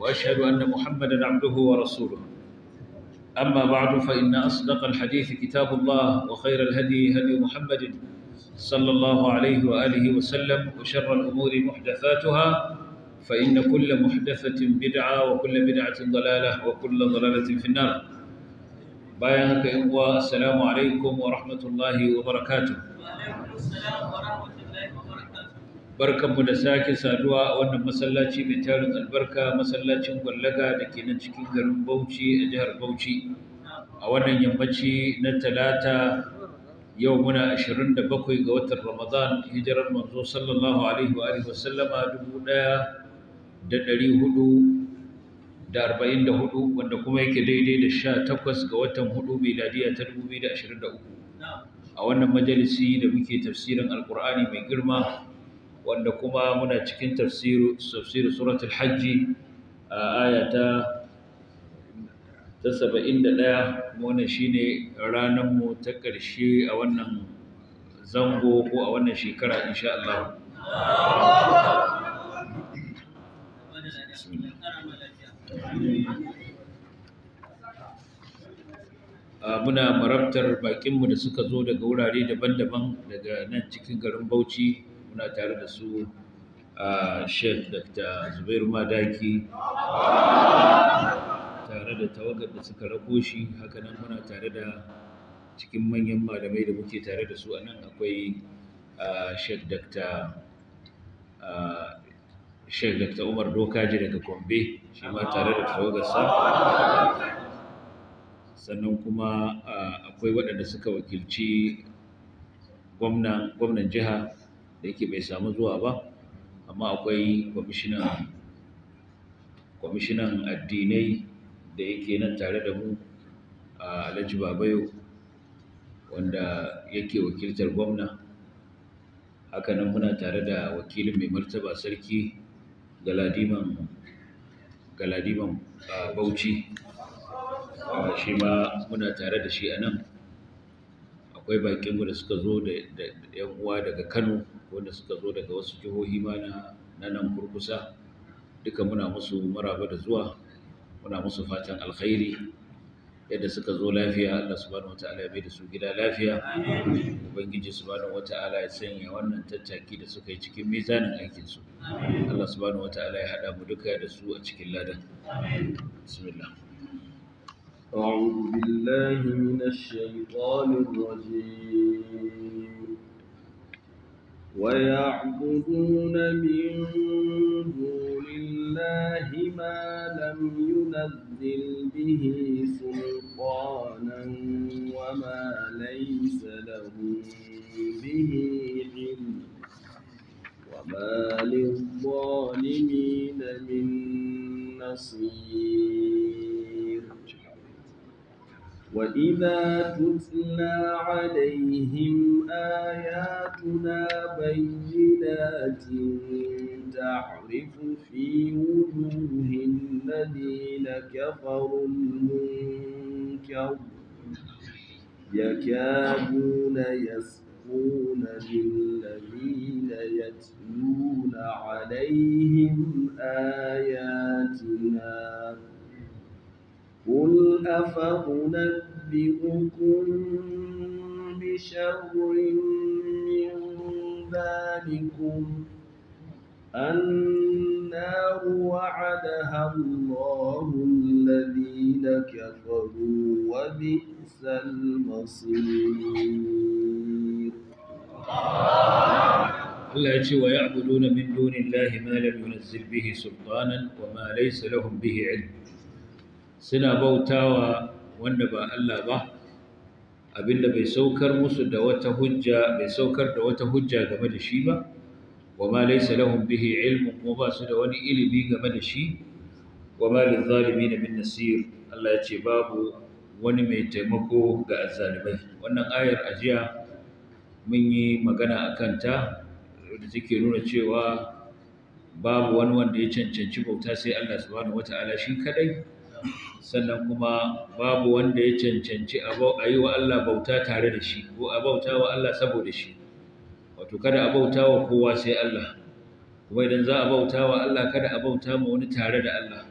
وأشهد أن محمدا عبده ورسوله أما بعد فإن أصدق الحديث كتاب الله وخير الهدي هدي محمد صلى الله عليه وآله وسلم وشر الأمور محدثاتها فإن كل محدثة بدعة وكل بدعة ضلالة وكل ضلالة في النار بايعك إخوة السلام عليكم ورحمة الله وبركاته وعليكم السلام ورحمة barkanmu da sake saduwa a wannan masallaci mai tarin albarka masallacin gwallaga da ke nan cikin garin bauchi a jihar bauchi a wannan yammaci na talata yau muna 27 ga watan ramadan hijirar manzo sallallahu alaihi wa alihi wasallama 1444 wanda kuma yake daidai da 18 ga watan hudu miladiya ta 2023 a wannan majalisi da muke tafsirin alkur'ani mai girma wanda kuma muna cikin tafsiru tafsiru suratul hajji a ayata ta 71 wannan shine ranar mu ta ƙarshe a wannan zango ko a wannan shekara insha Allah muna marabtar bakinmu da suka zo daga wurare daban-daban daga nan cikin garin Bauchi muna tare da su a sheikh dr zubairu madaki tare da tawagar da suka rako shi hakanan muna tare da cikin manyan malamai da muke tare da su a nan akwai sheikh dr Umar Dokaji daga Gombe shi ma tare da tawagarsa. Sannan kuma akwai waɗanda suka wakilci gwamnan jiha da yake bai samu zuwa ba amma akwai kwamishinan addinai da yake nan tare da mu a alhaji babayo wanda yake wakiltar gwamna hakanan muna tare da wakilin mai martaba sarki galadiman galadiman bauchi shi ma muna tare da shi a nan akwai bakinmu da suka zo da yan uwa daga kano wanda suka zo daga wasu jihohi ma na nan kurkusa duka muna musu maraba da zuwa muna musu fatan alkhairi yadda suka zo lafiya Allah subhanahu wataala ya bai da su gida lafiya ubangiji subhanahu wataala ya sanya wannan tattaki da suka yi cikin mizanin aikin su Allah subhanahu wataala ya hada mu duka da su a cikin ladan bismillah أعوذ بالله من الشيطان الرجيم ويعبدون من دون الله ما لم ينزل به سلطانا وما ليس لهم به علم وما للظالمين من نصير وإذا تتلى عليهم آياتنا بينات تعرف في وجوه الذين كفروا المنكر يكادون يسقون بالذين يتلون عليهم آياتنا قل أفأنبئكم بشر من ذلكم النار وعدها الله الذين كفروا وبئس المصير الله يجي ويعبدون من دون الله ما لم ينزل به سلطانا وما ليس لهم به علم suna bautawa wanda ba Allah ba abinda bai saukar musu da wata hujja bai saukar da wata hujja game da shi ba wa ma laysa lahum bihi ilmun kuma ba su da wani ilimi game da shi wa ma lil zalimin min nasir Allah ya ce babu wani mai taimako ga azzalimai wannan ayar ajiya mun yi magana akan ta da take nuna cewa babu wani wanda ya cancanci bauta sai Allah subhanahu wataala shi kadai sannan kuma babu wanda ya cancanci a yi wa Allah bauta tare da shi ko a bauta wa Allah saboda shi wato kada a bauta wa kowa sai Allah kuma idan za a bauta wa Allah kada a bauta ma wani tare da Allah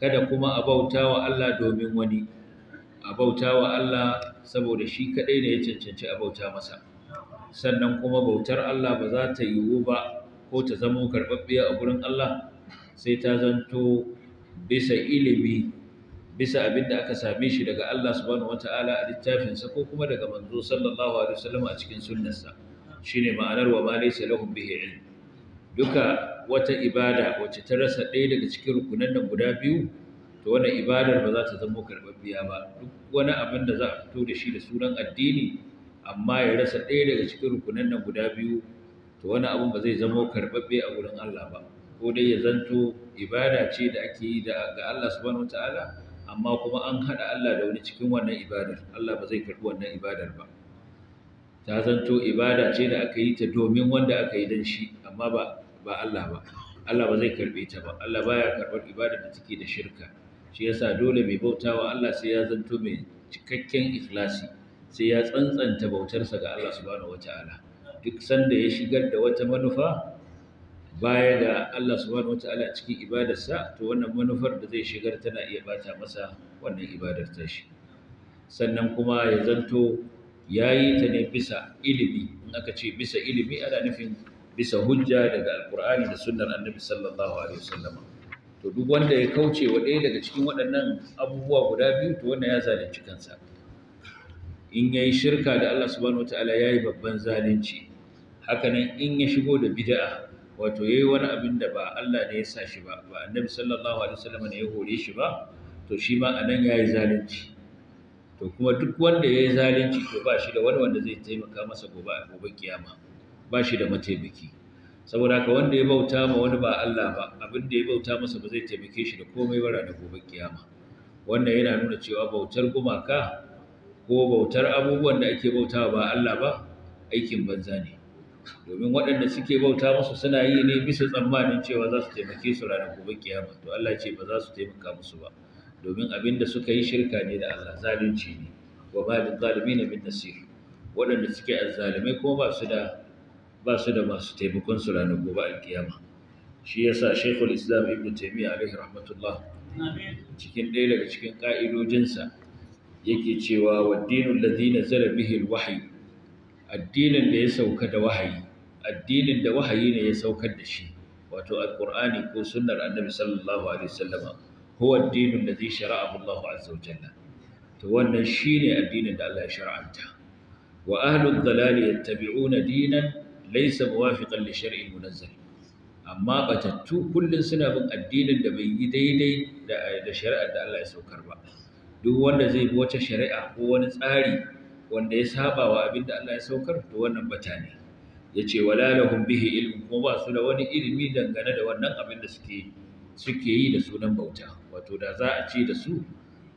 kada kuma a bauta wa Allah domin wani a bauta wa Allah saboda shi kaɗai ne ya cancanci a bauta masa sannan kuma bautar Allah ba za ta yiwu ba ko ta zama karɓaɓɓiya a gurin Allah sai ta zanto bisa ilimi bisa abin da aka same shi daga Allah subhanahu wata'ala a littafinsa ko kuma daga manzo sallallahu alaihi wasallam a cikin sunnarsa shine ma'anar wa ma laysa lahum bihi ilm duka wata ibada wacce ta rasa ɗaya daga cikin rukunan nan guda biyu to wannan ibadar ba za ta zama karbabbiya ba duk wani abin da za a fito da shi da sunan addini amma ya rasa ɗaya daga cikin rukunan nan guda biyu to wani abin ba zai zama karɓaɓɓe a gurin Allah ba ko dai ya zanto ibada ce da ake yi ga Allah subhanahu wata'ala amma kuma an haɗa Allah da wani cikin wannan ibadar Allah ba zai karɓi wannan ibadar ba ta zanto ibada ce da aka yi ta domin wanda aka yi don shi amma ba Allah ba Allah ba zai karɓe ta ba Allah baya karɓar ibada da take da shirka shi yasa dole mai bautawa Allah sai ya zanto mai cikakken ikhlasi sai ya tsantsanta bautarsa ga Allah subhanahu wataala duk sanda ya shigar da wata manufa baya da Allah subhanahu wata'ala a cikin ibadarsa to wannan manufar da zai shigar tana iya bata masa wannan ibadar tashi sannan kuma ya zanto yayi ta ne bisa ilimi in aka ce bisa ilimi ana nufin bisa hujja daga alkur'ani da sunnar annabi sallallahu alaihi wasallam to duk wanda ya kauce wa ɗaya daga cikin waɗannan abubuwa guda biyu to wannan ya zalunci kansa in yayi shirka da Allah subhanahu wata'ala yayi babban zalunci hakanan in ya shigo da bid'a wato yayi wani abin da ba Allah ne ya sa shi ba ba annabi sallallahu alaihi wasallam ne ya hore shi ba to shi ma anan yayi zalunci to kuma duk wanda yayi zalunci to ba shi da wani wanda zai taimaka masa gobe a gobe kiyama ba shi da mataimaki saboda haka wanda ya bauta ma wani ba Allah ba abin da ya bauta masa ba zai taimake shi da komai bara da gobe kiyama wannan yana nuna cewa bautar gumaka ko bautar abubuwan da ake bautawa ba Allah ba aikin banza ne domin waɗanda suke bauta musu suna yi ne bisa tsammanin cewa za su taimake su ranar gobe kiyama to Allah ce ba za su taimaka musu ba domin abinda suka yi shirka ne da Allah zalunci ne wa ba da zalimi bin nasir waɗanda suke azzalimai ko ba su da ba su da masu taimakon su ranar gobe kiyama shi yasa shaykhul islam ibnu taymiya alaihi rahmatullah cikin ɗaya daga cikin ƙa'idojinsa yake cewa waddinul Ladina nazala bihi alwahyi addinin da ya sauka da wahayi addinin da wahayi ne ya saukar da shi wato alqur'ani ko sunnar annabi sallallahu alaihi wasallam huwa addinul ladhi shara'ahu Allah azza wa jalla to wannan shine addinin da Allah ya shar'anta wa ahlud dalali yattabi'una dinan laysa muwafiqan li shar'il munazzal amma batattu kullun suna bin addinin da bai yi daidai da shari'ar da Allah ya saukar ba duk wanda zai bi wata shari'a ko wani tsari wanda ya saba wa abin da Allah ya saukar da wannan batane ya ce wala bihi ilmun kuma ba su da wani ilimi dangane da wannan abin da suke yi da sunan bauta wato da za a ce da su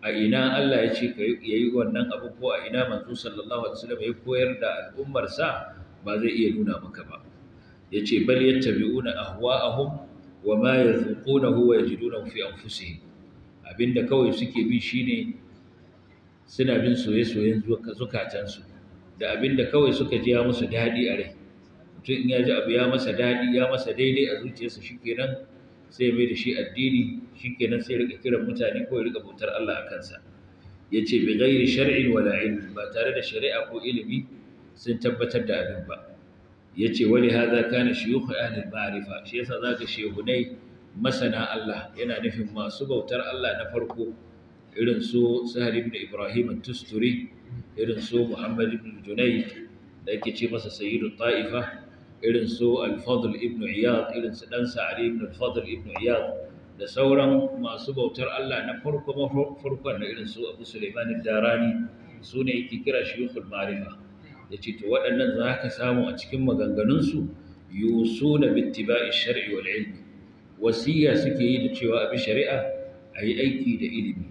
a ina Allah ya ce ka yi wannan abu ko a ina manzo sallallahu alaihi wasallam ya koyar da al'ummarsa ba zai iya nuna maka ba ya ce bal yattabi'una ahwa'ahum wa ma yazuqunahu wa yajidunahu fi anfusihim abinda kawai suke bi shine suna bin soye-soyen zukatansu da abin da kawai suka ji ya musu daɗi a rai mutum in ya ji abu ya masa daɗi ya masa daidai a zuciyarsa kenan, sai mai da shi addini kenan sai rika kiran mutane ko ya rika bautar Allah a kansa ya ce bi gairi shar'in wala ilmi ba tare da shari'a ko ilimi sun tabbatar da abin ba ya ce wani haza kana shiyuhu ahlul ma'rifa shi yasa ka shehunai masana Allah yana nufin masu bautar Allah na farko irin su sahar ibn ibrahim tusturi irin su muhammad ibn da yake ce masa sayyidu ta'ifa irin su al-fadl ibn iyad irin su dan sa'ari ibn al-fadl ibn iyad da sauran masu bautar Allah na farko farkon na irin su Abu Suleiman Darani su ne yake kira shuyukhul ma'rifa yace to waɗannan za ka samu a cikin maganganun su yusuna bittiba'i shar'i wal ilmi wasiya suke yi da cewa abi shari'a ayi aiki da ilimi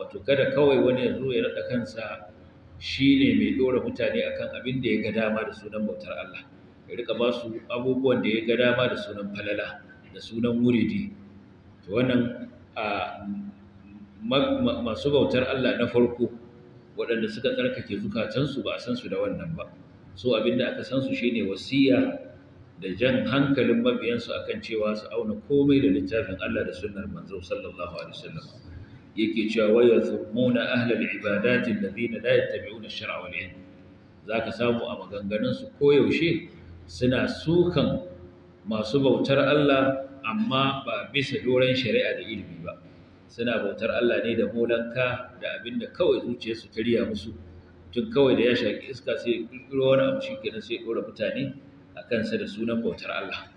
wato kada kawai wani ya zo ya raɗa kansa shi ne mai ɗora mutane akan abin da ya ga dama da sunan bautar Allah ya rika ba su abubuwan da ya ga dama da sunan falala da sunan muridi to wannan a masu bautar Allah na farko waɗanda suka tsarkake zukatansu ba a san su da wannan ba so abin da aka san su shine wasiya da jan hankalin mabiyansu akan cewa su auna komai da littafin Allah da sunnar manzo sallallahu alaihi wasallam yake cewa waya zumuna ahlal ibadatin ladina la yattabi'una ash-shar'a wal ilm zaka samu a maganganun su koyaushe suna sukan masu bautar Allah amma ba bisa doren shari'a da ilimi ba suna bautar Allah ne da molanka da abin da kawai zuciyarsu ta riya musu tun kawai da ya shaki iska sai ƙirƙiro wani abu kenan sai ya dora mutane a kansa da sunan bautar Allah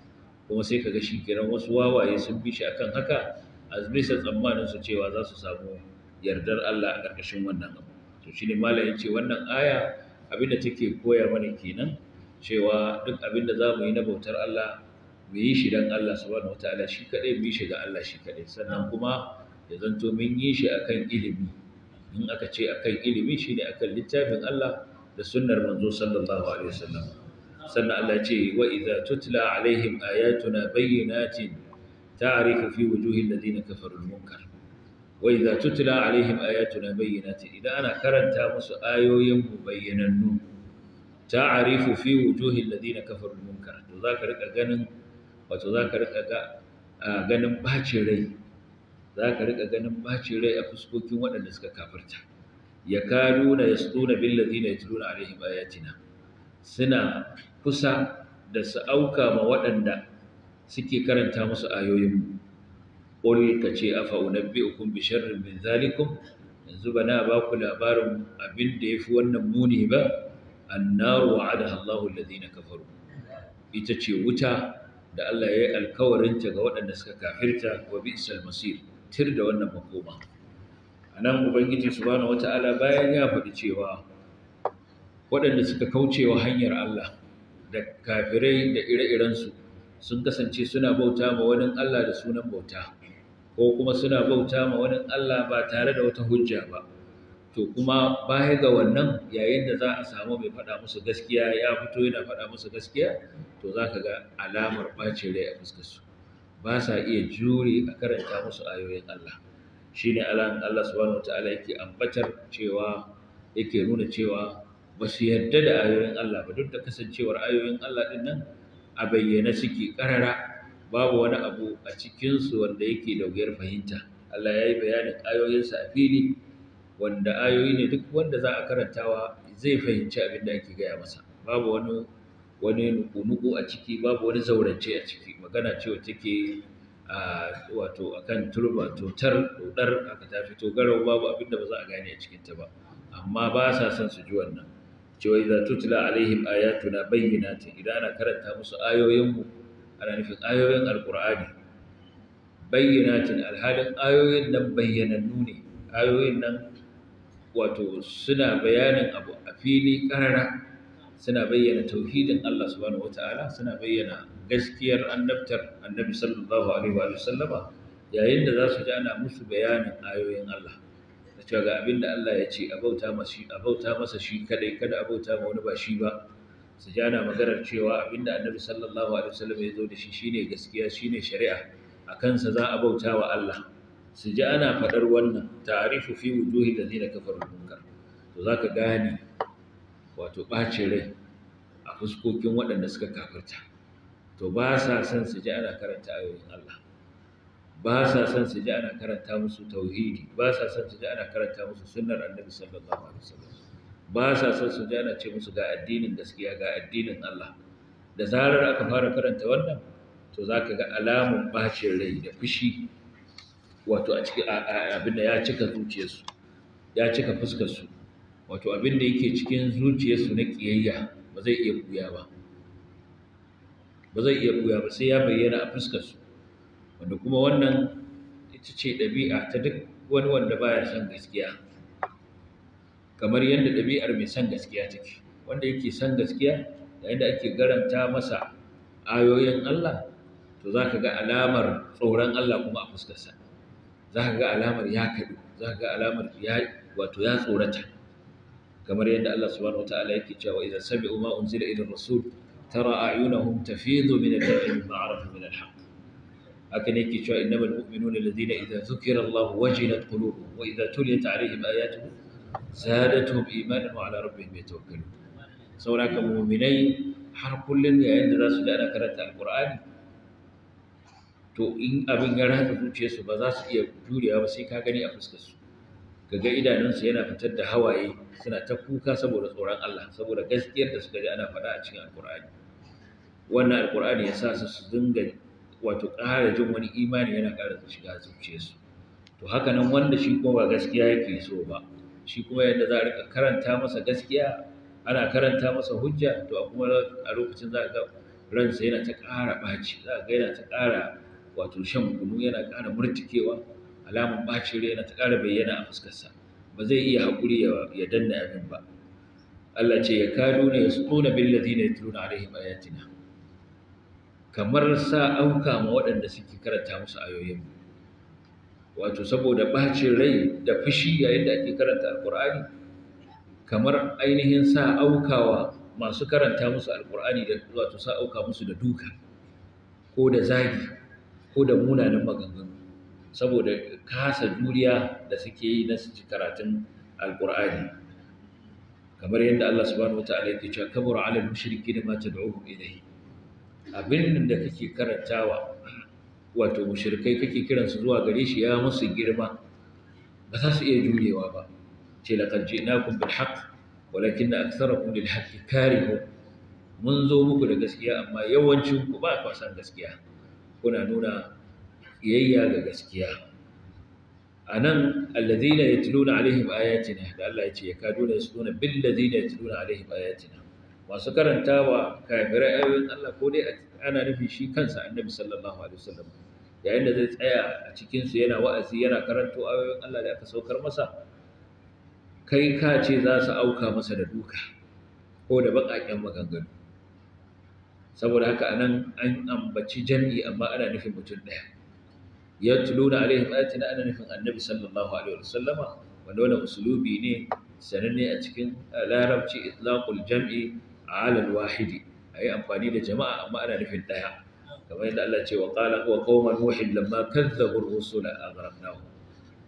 kuma sai ka kaga shikenan wasu wawaye sun bi shi akan haka bisa tsammanin su cewa za su samu yardar Allah a ƙarƙashin wannan abu to shi ne malam ce wannan aya abin da take koya mana kenan cewa duk abinda mu yi na bautar Allah mu yi shi dan Allah subhanahu wataala shi kadai mu yi shi ga Allah shi kaɗai. sannan kuma ya zanto mun yi shi akan ilimi in aka ce akan ilimi shi ne akan littafin Allah da sunnar manzo sallallahu alaihi wasallam sannan Allah ce wa idza tutla alaihim ayatuna bayyinatin ta'rifu fi wujuhil ladina kafaru munkar wa idza tutla alaihim ayatuna bayyinatin idan ana karanta musu ayoyin bayyanannu ta'rifu fi wujuhil ladina kafaru munkar to wato zaka rika ga ganin bacin rai zaka rika ganin bacin rai a fuskokin waɗanda suka kafarta. yakaduna yasduna bil ladina suna kusa da su auka ma waɗanda suke karanta musu ayoyin qul kace afa unabbiukum bi sharrin min zalikum yanzu bana ba ku labarin abin da fi wannan muni ba annaru wa'adaha Allahu alladhina kafaru ita ce wuta da Allah ya yi alkawarinta ga waɗanda suka kafirta wa isal masir tir da wannan makoma anan ubangiji wata ala bayan ya faɗi cewa waɗanda suka kaucewa hanyar Allah da kafirai da ire-irensu sun kasance suna bauta ma wani Allah da sunan bauta ko kuma suna bauta ma wani Allah ba tare da wata hujja ba to kuma baya ga wannan yayin da za a samu mai faɗa musu gaskiya ya fito yana faɗa musu gaskiya to za ka ga alamar ɓacin rai a fuskarsu ba sa iya jure a karanta musu ayoyin Allah shi ne alamar Allah subhanahu ta'ala yake ambatar cewa yake nuna cewa ba su yarda da ayoyin Allah ba duk da kasancewar ayoyin Allah ɗin nan a bayyane suke karara babu wani abu a cikinsu wanda yake da wuyar fahimta Allah ya yi bayanin ayoyinsa a fili wanda ayoyi ne duk wanda za a karantawa zai fahimci abin da ake gaya masa babu wani wani nuku a ciki babu wani zaurance a ciki magana cewa take a wato akan turba totar dodar aka ta fito garau babu abin da ba za a gane a cikinta ba amma ba sa son su ji wannan cewa idza tutla alaihim ayatuna bayyinatin idan ana karanta musu ayoyinmu ana nufin ayoyin alqur'ani bayyinatin alhalin ayoyin nan bayyanannu ne ayoyin nan wato suna bayanin abu a fili karara suna bayyana tauhidin Allah subhanahu wataala suna bayyana gaskiyar annabtar annabi sallallahu alaihi wa sallama yayin da za su ji musu bayanin ayoyin Allah cewa ga abin da Allah ya ce a bauta masa shi kadai kada a bauta ma wani ba shi ba su jana maganar cewa abin da annabi sallallahu alaihi wasallam ya zo da shi shine gaskiya shine shari'a a kansa za a bauta wa Allah su ji ana faɗar wannan ta'arifu fi wujuhi da zina kafar munkar to za ka gane wato ɓacin rai a fuskokin waɗanda suka kafarta to ba sa son su ji ana karanta ayoyin Allah ba sa son su ji ana karanta musu tauhidi ba sa son su ji ana karanta musu sunnar annabi sallallahu alaihi wasallam ba sa son su ji ana ce musu ga addinin gaskiya ga addinin Allah da zarar aka fara karanta wannan to zaka ga alamun bacin rai da fushi wato a cikin abin da ya cika zuciyarsu ya cika su, wato abin da yake cikin zuciyarsu na kiyayya ba zai iya buya ba ba zai iya buya ba sai ya bayyana a su. wanda kuma wannan ita ce ɗabi'a ta duk wani wanda baya son gaskiya kamar yadda ɗabi'ar mai son gaskiya take wanda yake son gaskiya yayin da ake garanta masa ayoyin Allah to za ka ga alamar tsoron Allah kuma a fuskarsa za ka ga alamar ya kaɗu za ka ga alamar ya wato ya tsorata kamar yadda Allah subhanahu wa ta'ala yake cewa idan sami'u ma unzila ila rasul tara a'yunahum tafidu min al-dami ma'arafa min al-haqq haka ne yake cewa innamal mu'minuna alladhina idza zukira Allah wajilat qulubuhum wa idza tuliyat alaihim ayatuhu zadatuhum imanan wa ala rabbihim yatawakkalun saboda ka mu'minai har kullun yayin da za su da ana karanta alqur'ani to in abin ya ratsa su ba za su iya jurewa ba sai ka gani a fuskarsu kaga idanunsu yana fitar da hawaye suna ta kuka saboda tsoron Allah saboda gaskiyar da suka ji ana faɗa a cikin alkur'ani wannan alkur'ani ya sa su su dinga wato ƙara jin wani imani yana ƙara shiga zuciyarsu to haka nan wanda shi kuma ba gaskiya yake so ba shi kuma yadda za a rika karanta masa gaskiya ana karanta masa hujja to a kuma a lokacin za a ga ransa yana ta ƙara ɓaci za a ga yana ta ƙara wato shan kunu yana ƙara murtikewa Alamar ɓacin rai yana ta ƙara bayyana a fuskarsa ba zai iya haƙuri ya danna abin ba Allah ce ya kado ne ya tsona billadina yatluna alaihim ayatina kamar sa auka ma waɗanda suke karanta musu ayoyin wato saboda bacin rai da fushi yayin da ake karanta alkur'ani kamar ainihin sa aukawa masu karanta musu alkur'ani da wato sa auka musu da duka ko da zagi ko da munanan maganganu saboda kasa juriya da suke yi na suci karatun alkur'ani kamar yadda Allah subhanahu wataala yake cewa kabura alal mushrikeena ma tad'uhum ilayhi abin da kake karantawa wato mushrikai kake kiransu zuwa gare shi ya musu girma ba za su iya jurewa ba ce laqad ji'nakum bil haqq walakin aktharakum lil kare karihun mun zo muku da gaskiya amma yawancin ku ba ku san gaskiya kuna nuna kiyayya ga gaskiya anan alladhina yatluna alaihim ayatina da Allah ya ce ya yasduna bil ladina yatluna alaihim ayatina masu karanta wa kafirai ayoyin Allah ko dai ana nufin shi kansa annabi sallallahu alaihi wasallam yayin da zai tsaya a cikin su yana wa'azi yana karanto ayoyin Allah da aka saukar masa kai ka ce za su auka masa da duka ko da baƙaƙen maganganu saboda haka anan an ambaci jami'i amma ana nufin mutum ɗaya yatluna alaihim ayatina ana nufin annabi sallallahu alaihi wasallam wanda wannan usulubi ne sananne a cikin eh, larabci itlaqul jam'i على الواحد أي أمفاني لجماعة ما أنا في الدهاء كما إن الله تي وقال هو قوم نوح لما كذبوا الرسول أغرقناهم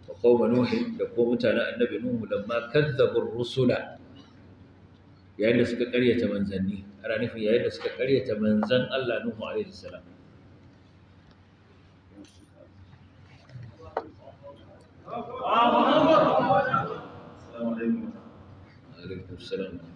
وقوم نوح لقوم تانا النبي نوح لما كذبوا الرسل يعني سكرية من زني أنا نفي يعني سكرية من زن الله نوح عليه السلام السلام عليكم السلام عليكم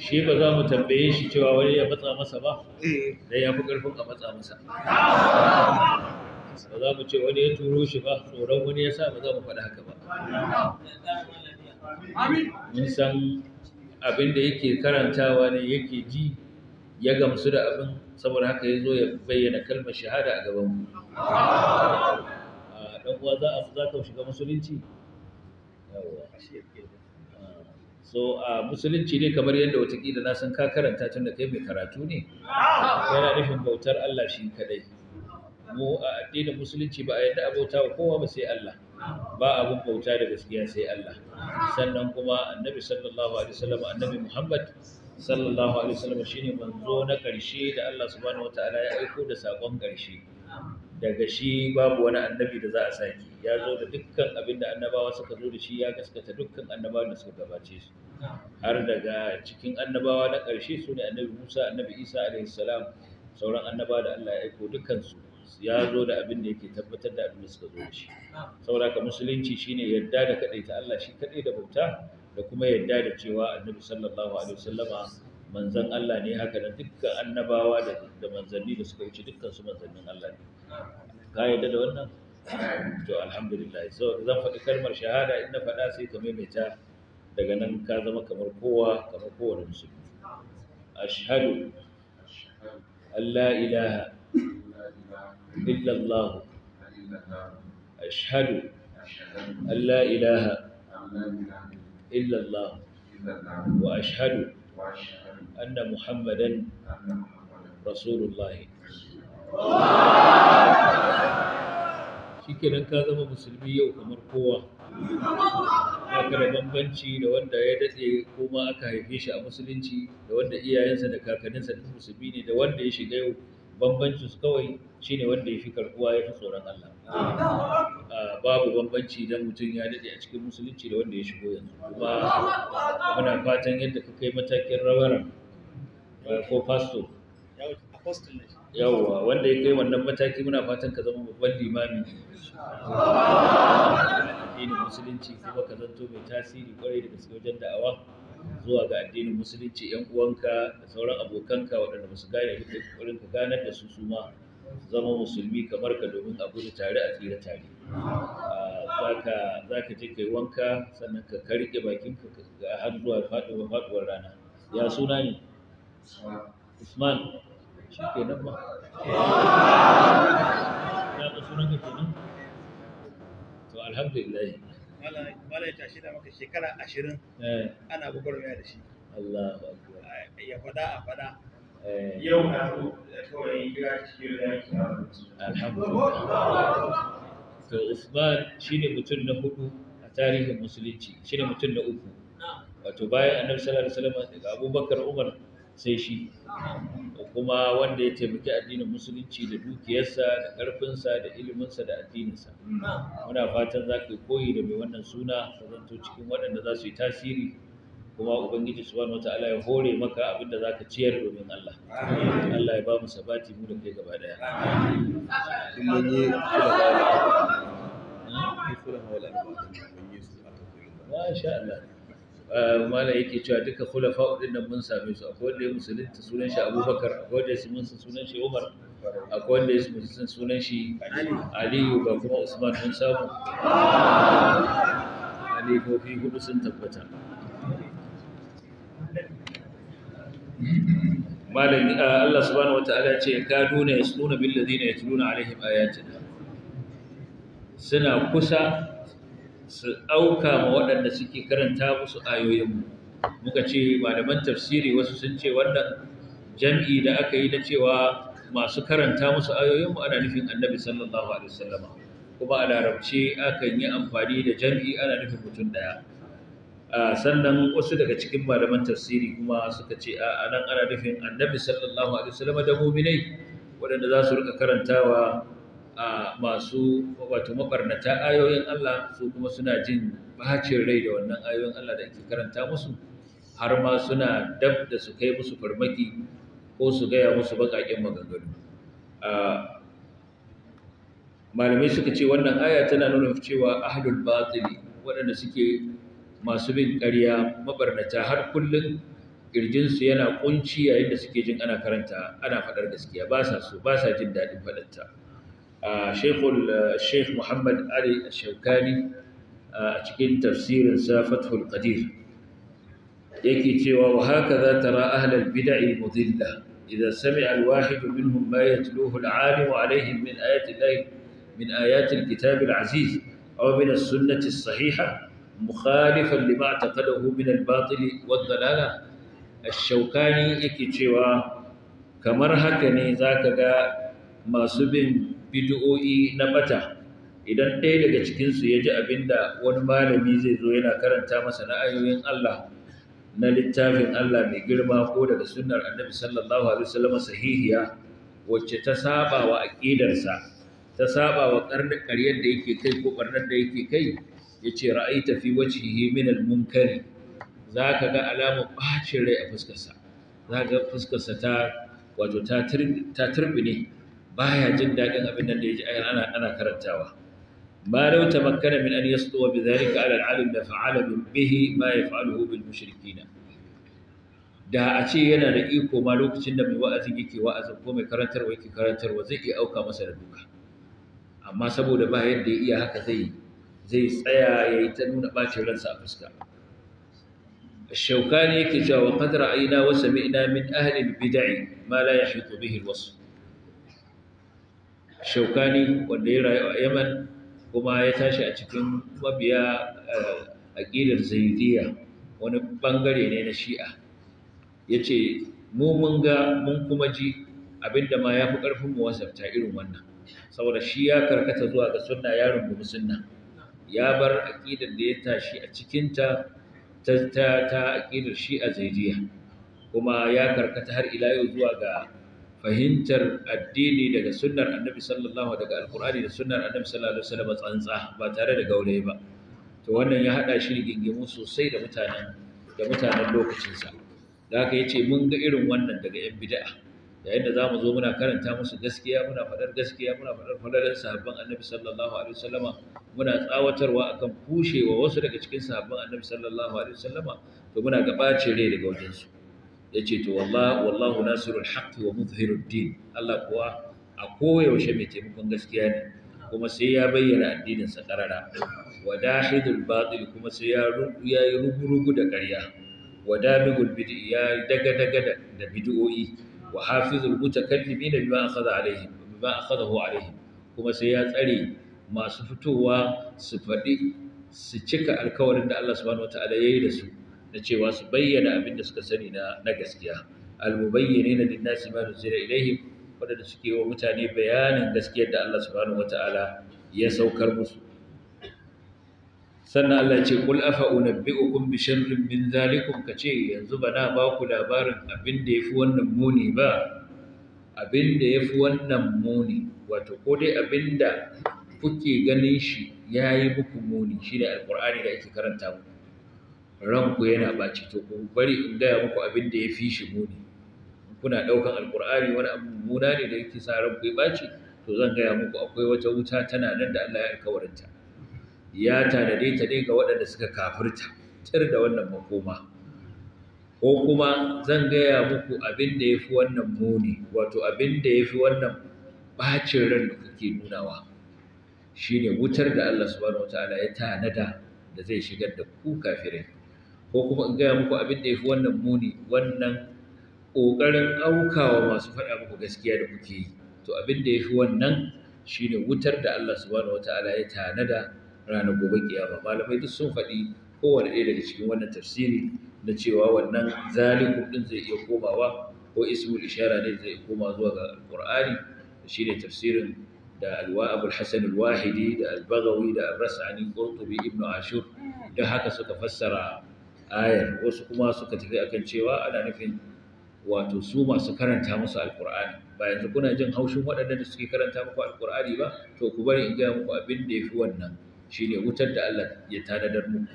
shi ba za mu tambaye shi cewa wani ya matsa masa ba eh. da ya fi ƙarfin a matsa masa ba za mu ce wani ya turo shi ba tsoron wani ya sa ba za mu faɗa haka ba mun san abin da yake karantawa ne yake ji ya gamsu da abin saboda haka ya zo ya bayyana kalmar shahada a gaban mu dan uwa za a za ka shiga musulunci yawa so a musulunci ne kamar yadda watakila na san ka karanta tun da kai mai karatu ne yana nufin bautar Allah shi kadai mu a addinin musulunci ba a yadda abauta wa kowa ba sai Allah ba abun bauta da gaskiya sai Allah sannan kuma annabi sallallahu alaihi wasallam annabi Muhammad sallallahu alaihi wasallam shine manzo na ƙarshe da Allah subhanahu wataala ya aiko da sakon ƙarshe. daga shi babu wani annabi da za a sake ya zo da dukkan abin da annabawa suka zo da shi ya gaskata dukkan annabawa da suka gabace su har daga cikin annabawa na ƙarshe su ne annabi musa annabi isa alaihissalam sauran annabawa da allah ya aiko dukkansu ya zo da abin da yake tabbatar da abin da suka zo da shi saboda ka musulunci shine yadda da kaɗai ta allah shi kaɗai da bauta da kuma yadda da cewa annabi sallallahu alaihi wasallama manzan Allah ne haka da dukkan annabawa da manzanni da suka wuce dukkan su manzannin Allah ne ka yadda da wannan to alhamdulillah so zan faɗi kalmar shahada in na faɗa sai ka maimaita daga nan ka zama kamar kowa kamar kowane musulmi ashhadu an ilaha illa allah ashhadu Allah, la ilaha illa allah wa ashhadu anna muhammadan rasulullahi shikenan ka zama musulmi yau kamar kowa ba da bambanci da wanda ya dade ko ma aka haife shi a musulunci da wanda iyayensa da kakanninsa da musulmi ne da wanda ya shiga yau bambancin su kawai shine wanda ya fi karbuwa ya fi tsoron Allah babu bambanci dan mutum ya dade a cikin musulunci da wanda ya shigo yanzu kuma muna fatan yadda ka kai matakin rawar Eh, ko fasto yawwa wanda ya kai wannan mataki muna fatan ka zama babban limami addinin musulunci kuma ka zanto mai tasiri kwarai da gaske wajen da'awa zuwa ga addinin musulunci yan uwanka da sauran abokanka waɗanda ba su gane duk kokarin ka ganar da su su ma zama musulmi kamar ka domin a da tare a tsira tare ah, za ka je yi wanka sannan ka karike bakinka har zuwa faɗuwar rana ya suna ne Usman shi ke nan ba. Ya ga sunan ka ke nan? To alhamdulillah. Mala ya tashi da maka shekara ashirin eh. ana gwagwarmaya da shi. Allah ya faɗa a faɗa. Eh. Yau na zo kawai kira shi da ya kira. Alhamdulillah. To Usman shi ne mutum na hudu a tarihin musulunci shi ne mutum na uku. Wato bayan annabi sallallahu alaihi wasallam daga Abubakar Umar sai shi kuma wanda ya taimaki addinin musulunci da dukiyarsa da ƙarfinsa da iliminsa da addininsa muna fatan za ka koyi da mai wannan suna ka zanto cikin waɗanda za su yi tasiri kuma ubangiji subhanahu wataala ya hore maka abinda za ka ciyar domin Allah Allah ya ba mu sabati mu da kai gaba daya ma Allah Eh, mala yake cewa duka khulafa din da mun same su akwai wanda ya musulunta sunan shi Abubakar akwai wanda ya musulunta sunan shi Umar akwai wanda ya musulunta sunan shi Aliyu ga kuma Usman mun samu Ali ko fi sun tabbata malam eh, Allah subhanahu wataala ce ka nuna yasuna bil ladina yatluna alaihim ayatina suna kusa su auka ma waɗanda suke karanta musu ayoyinmu muka ce malaman tafsiri wasu sun ce wannan jam'i da aka yi na cewa masu karanta musu ayoyinmu ana nufin annabi sallallahu alaihi wasallama kuma a larabci akan yi amfani da jam'i ana nufin mutum ɗaya sannan wasu daga cikin malaman tafsiri kuma suka ce a nan ana nufin annabi sallallahu alaihi wasallama da muminai waɗanda za su rika karantawa a masu wato mabarnata ayoyin Allah su kuma suna jin bacin rai da wannan ayoyin Allah da ake karanta musu har ma suna dab da su kai musu farmaki ko su gaya musu baƙaƙen maganganu malamai suka ce wannan aya tana nuna cewa ahlul batili waɗanda suke masu bin ƙarya mabarnata har kullum ƙirjinsu yana ƙunci yayin da suke jin ana karanta ana faɗar gaskiya ba sa so ba sa jin daɗin faɗarta Sheikh Muhammad Ali Shaukani a cikin tafsirin Fathul Qadir yake cewa wa hakaza tara ahlal bid'i mudilla idza sami'a al-wahid minhum ma yatluhu al-'alim alayhim min ayati Allah min ayati al-kitab al-'aziz aw min as-sunnah as-sahiha mukhalifan lima taqalahu min al-batil wad-dalala shaukani yake cewa kamar haka ne zaka ga masu bin bid'o'i na bata idan ɗaya daga cikinsu ya ji abin da wani malami zai zo yana karanta masa na ayoyin Allah na littafin Allah mai girma ko daga sunnar annabi sallallahu alaihi wasallam sahihiya wacce ta saba wa aqidarsa ta saba wa karnin ƙaryar da yake kai ko barnar da yake kai yace ra'aita fi wajhihi min al-munkari zaka ga alamun bacin rai a fuskarsa zaka ga fuskarsa ta wato ta turbine baya jin daɗin abin da ya ji ana ana karantawa ma law tamakkana min an yasduwa bidhalika ala al-alim da fa'ala bihi ma yaf'aluhu bil mushrikeen da a ce yana da iko ma lokacin da mai wa'azin yake wa'azin ko mai karantarwa yake karantarwa zai iya auka masa da duka amma saboda ba yadda ya iya haka zai zai tsaya ya yi ta nuna ɓacin ransa a fuska shaukani yake cewa wa qad ra'ayna wa sami'na min ahli al-bid'i ma la yahitu bihi al-wasf shaukani wanda ya rayu a yaman kuma ya tashi a cikin mabiya eh, aƙidar zaidiya wani bangare ne na shi'a ya ce mu mun ga mun kuma ji abinda ma yafi fi ƙarfin mu wasafta irin wannan saboda shi ya karkata zuwa ga sunna ya rungumi sunna ya bar aƙidar da ya tashi a cikin ta ta aƙidar shi'a zaidiya, kuma ya karkata har ila yau zuwa ga fahimtar addini daga sunnar annabi sallallahu daga alkur'ani da sunnar annabi sallallahu alaihi wasallam tsantsa ba tare da gaure ba to wannan ya hada shi gingimu sosai da mutanen da mutanen lokacinsa da haka yace mun ga irin wannan daga yan bid'a yayin da zamu zo muna karanta musu gaskiya muna faɗar gaskiya muna faɗar fadarin sahabban annabi sallallahu alaihi wasallama muna tsawatarwa akan kushewa wasu daga cikin sahabban annabi sallallahu alaihi wasallama to muna gabace rai daga wajensu ya ce to wallahu nasirul haqqi wa muzhirud din Allah kuwa a koyaushe mai taimakon gaskiya ne kuma sai ya bayyana addinin sa karara wa dahidul batil kuma sai ya ya yi rugurugu da ƙarya wa damigul bid'i ya daga daga da bid'o'i wa hafizul mutakallimin bima akhadha alaihi bima akhadahu alaihi kuma sai ya tsare masu fitowa su faɗi su cika alkawarin da Allah subhanahu wataala yayi da su na cewa su bayyana abin da suka sani na gaskiya al na din nasi ma nuzira ilaihim wadanda suke wa mutane bayanin gaskiyar da Allah subhanahu wataala ya saukar musu sannan Allah ya ce qul afa unabbi'ukum bi sharrin min zalikum kace yanzu bana ba ku labarin abin da yafi wannan muni ba abin da yafi wannan muni wato ko dai abin da kuke ganin shi yayi muku muni shine alqur'ani da ake karanta muku ranku yana baci to ku bari in gaya muku abin da ya fi shi muni kuna ɗaukan alkur'ani wani abu muna ne da yake sa ranku ya baci to zan gaya muku akwai wata wuta tana nan da Allah ya alkawarinta ya tanade ta ne ga waɗanda suka kafirta tir da wannan makoma ko kuma zan gaya muku abin da ya fi wannan muni wato abin da ya fi wannan bacin ran da kuke nunawa shine wutar da Allah subhanahu wataala ya tanada da zai shigar da ku kafirai ko kuma in gaya muku abin da ya fi wannan muni wannan ƙoƙarin aukawa masu faɗa muku gaskiya da kuke yi to abin da ya fi wannan shi ne wutar da Allah subhanahu wata'ala ya tanada ranar gobe kiyama malamai duk sun faɗi kowane ɗaya daga cikin wannan tafsiri na cewa wannan zalikum ɗin zai iya komawa ko ismul ishara ne zai koma zuwa ga alƙur'ani shi ne tafsirin da alwa abul hasan alwahidi da albagawi da arrasani qurtubi ibnu ashur da haka suka fassara ayar wasu kuma suka tafi akan cewa ana nufin wato su masu karanta musu alkur'ani ba yanzu kuna jin haushin waɗanda da suke karanta muku alkur'ani ba to ku bari in gaya muku abin da ya fi wannan shine wutar da Allah ya tanadar muku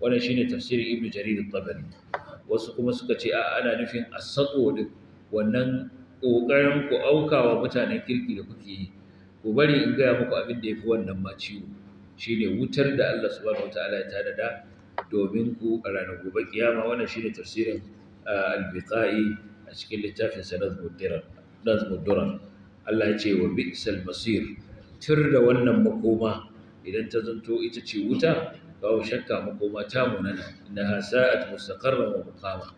wannan shine tafsirin ibnu jarir al tabari wasu kuma suka ce a ana nufin asaqo din wannan kokarin ku aukawa mutanen kirki da kuke yi ku bari in gaya muku abin da ya fi wannan ma ciwo shine wutar da Allah subhanahu wataala ya tanada domin ku a ranar gobe kiyama wannan shine tafsirin ah, al-biqai a cikin littafin sanad muddurar Allah ya ce wa bi'sal masir tir da wannan makoma idan ta zanto ita ce wuta babu shakka makoma ta munana innaha sa'at mustaqarra wa muqama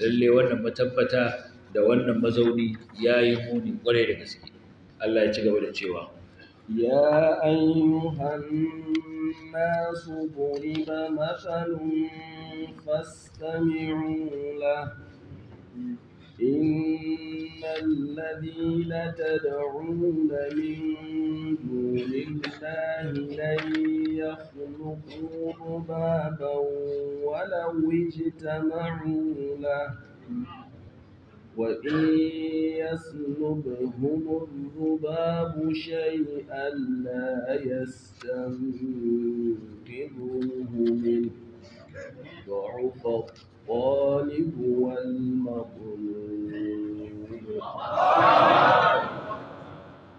lalle wannan matabbata da wannan mazauni yayi muni kwarai da gaske Allah ya ci gaba da cewa يا أيها الناس ضرب مثل فاستمعوا له إن الذين تدعون من دون الله لن يخلقوا ذبابا ولو اجتمعوا له وإن يسلبهم الذباب شيئا لا يستنقذوه منه ضعف الطالب والمطلوب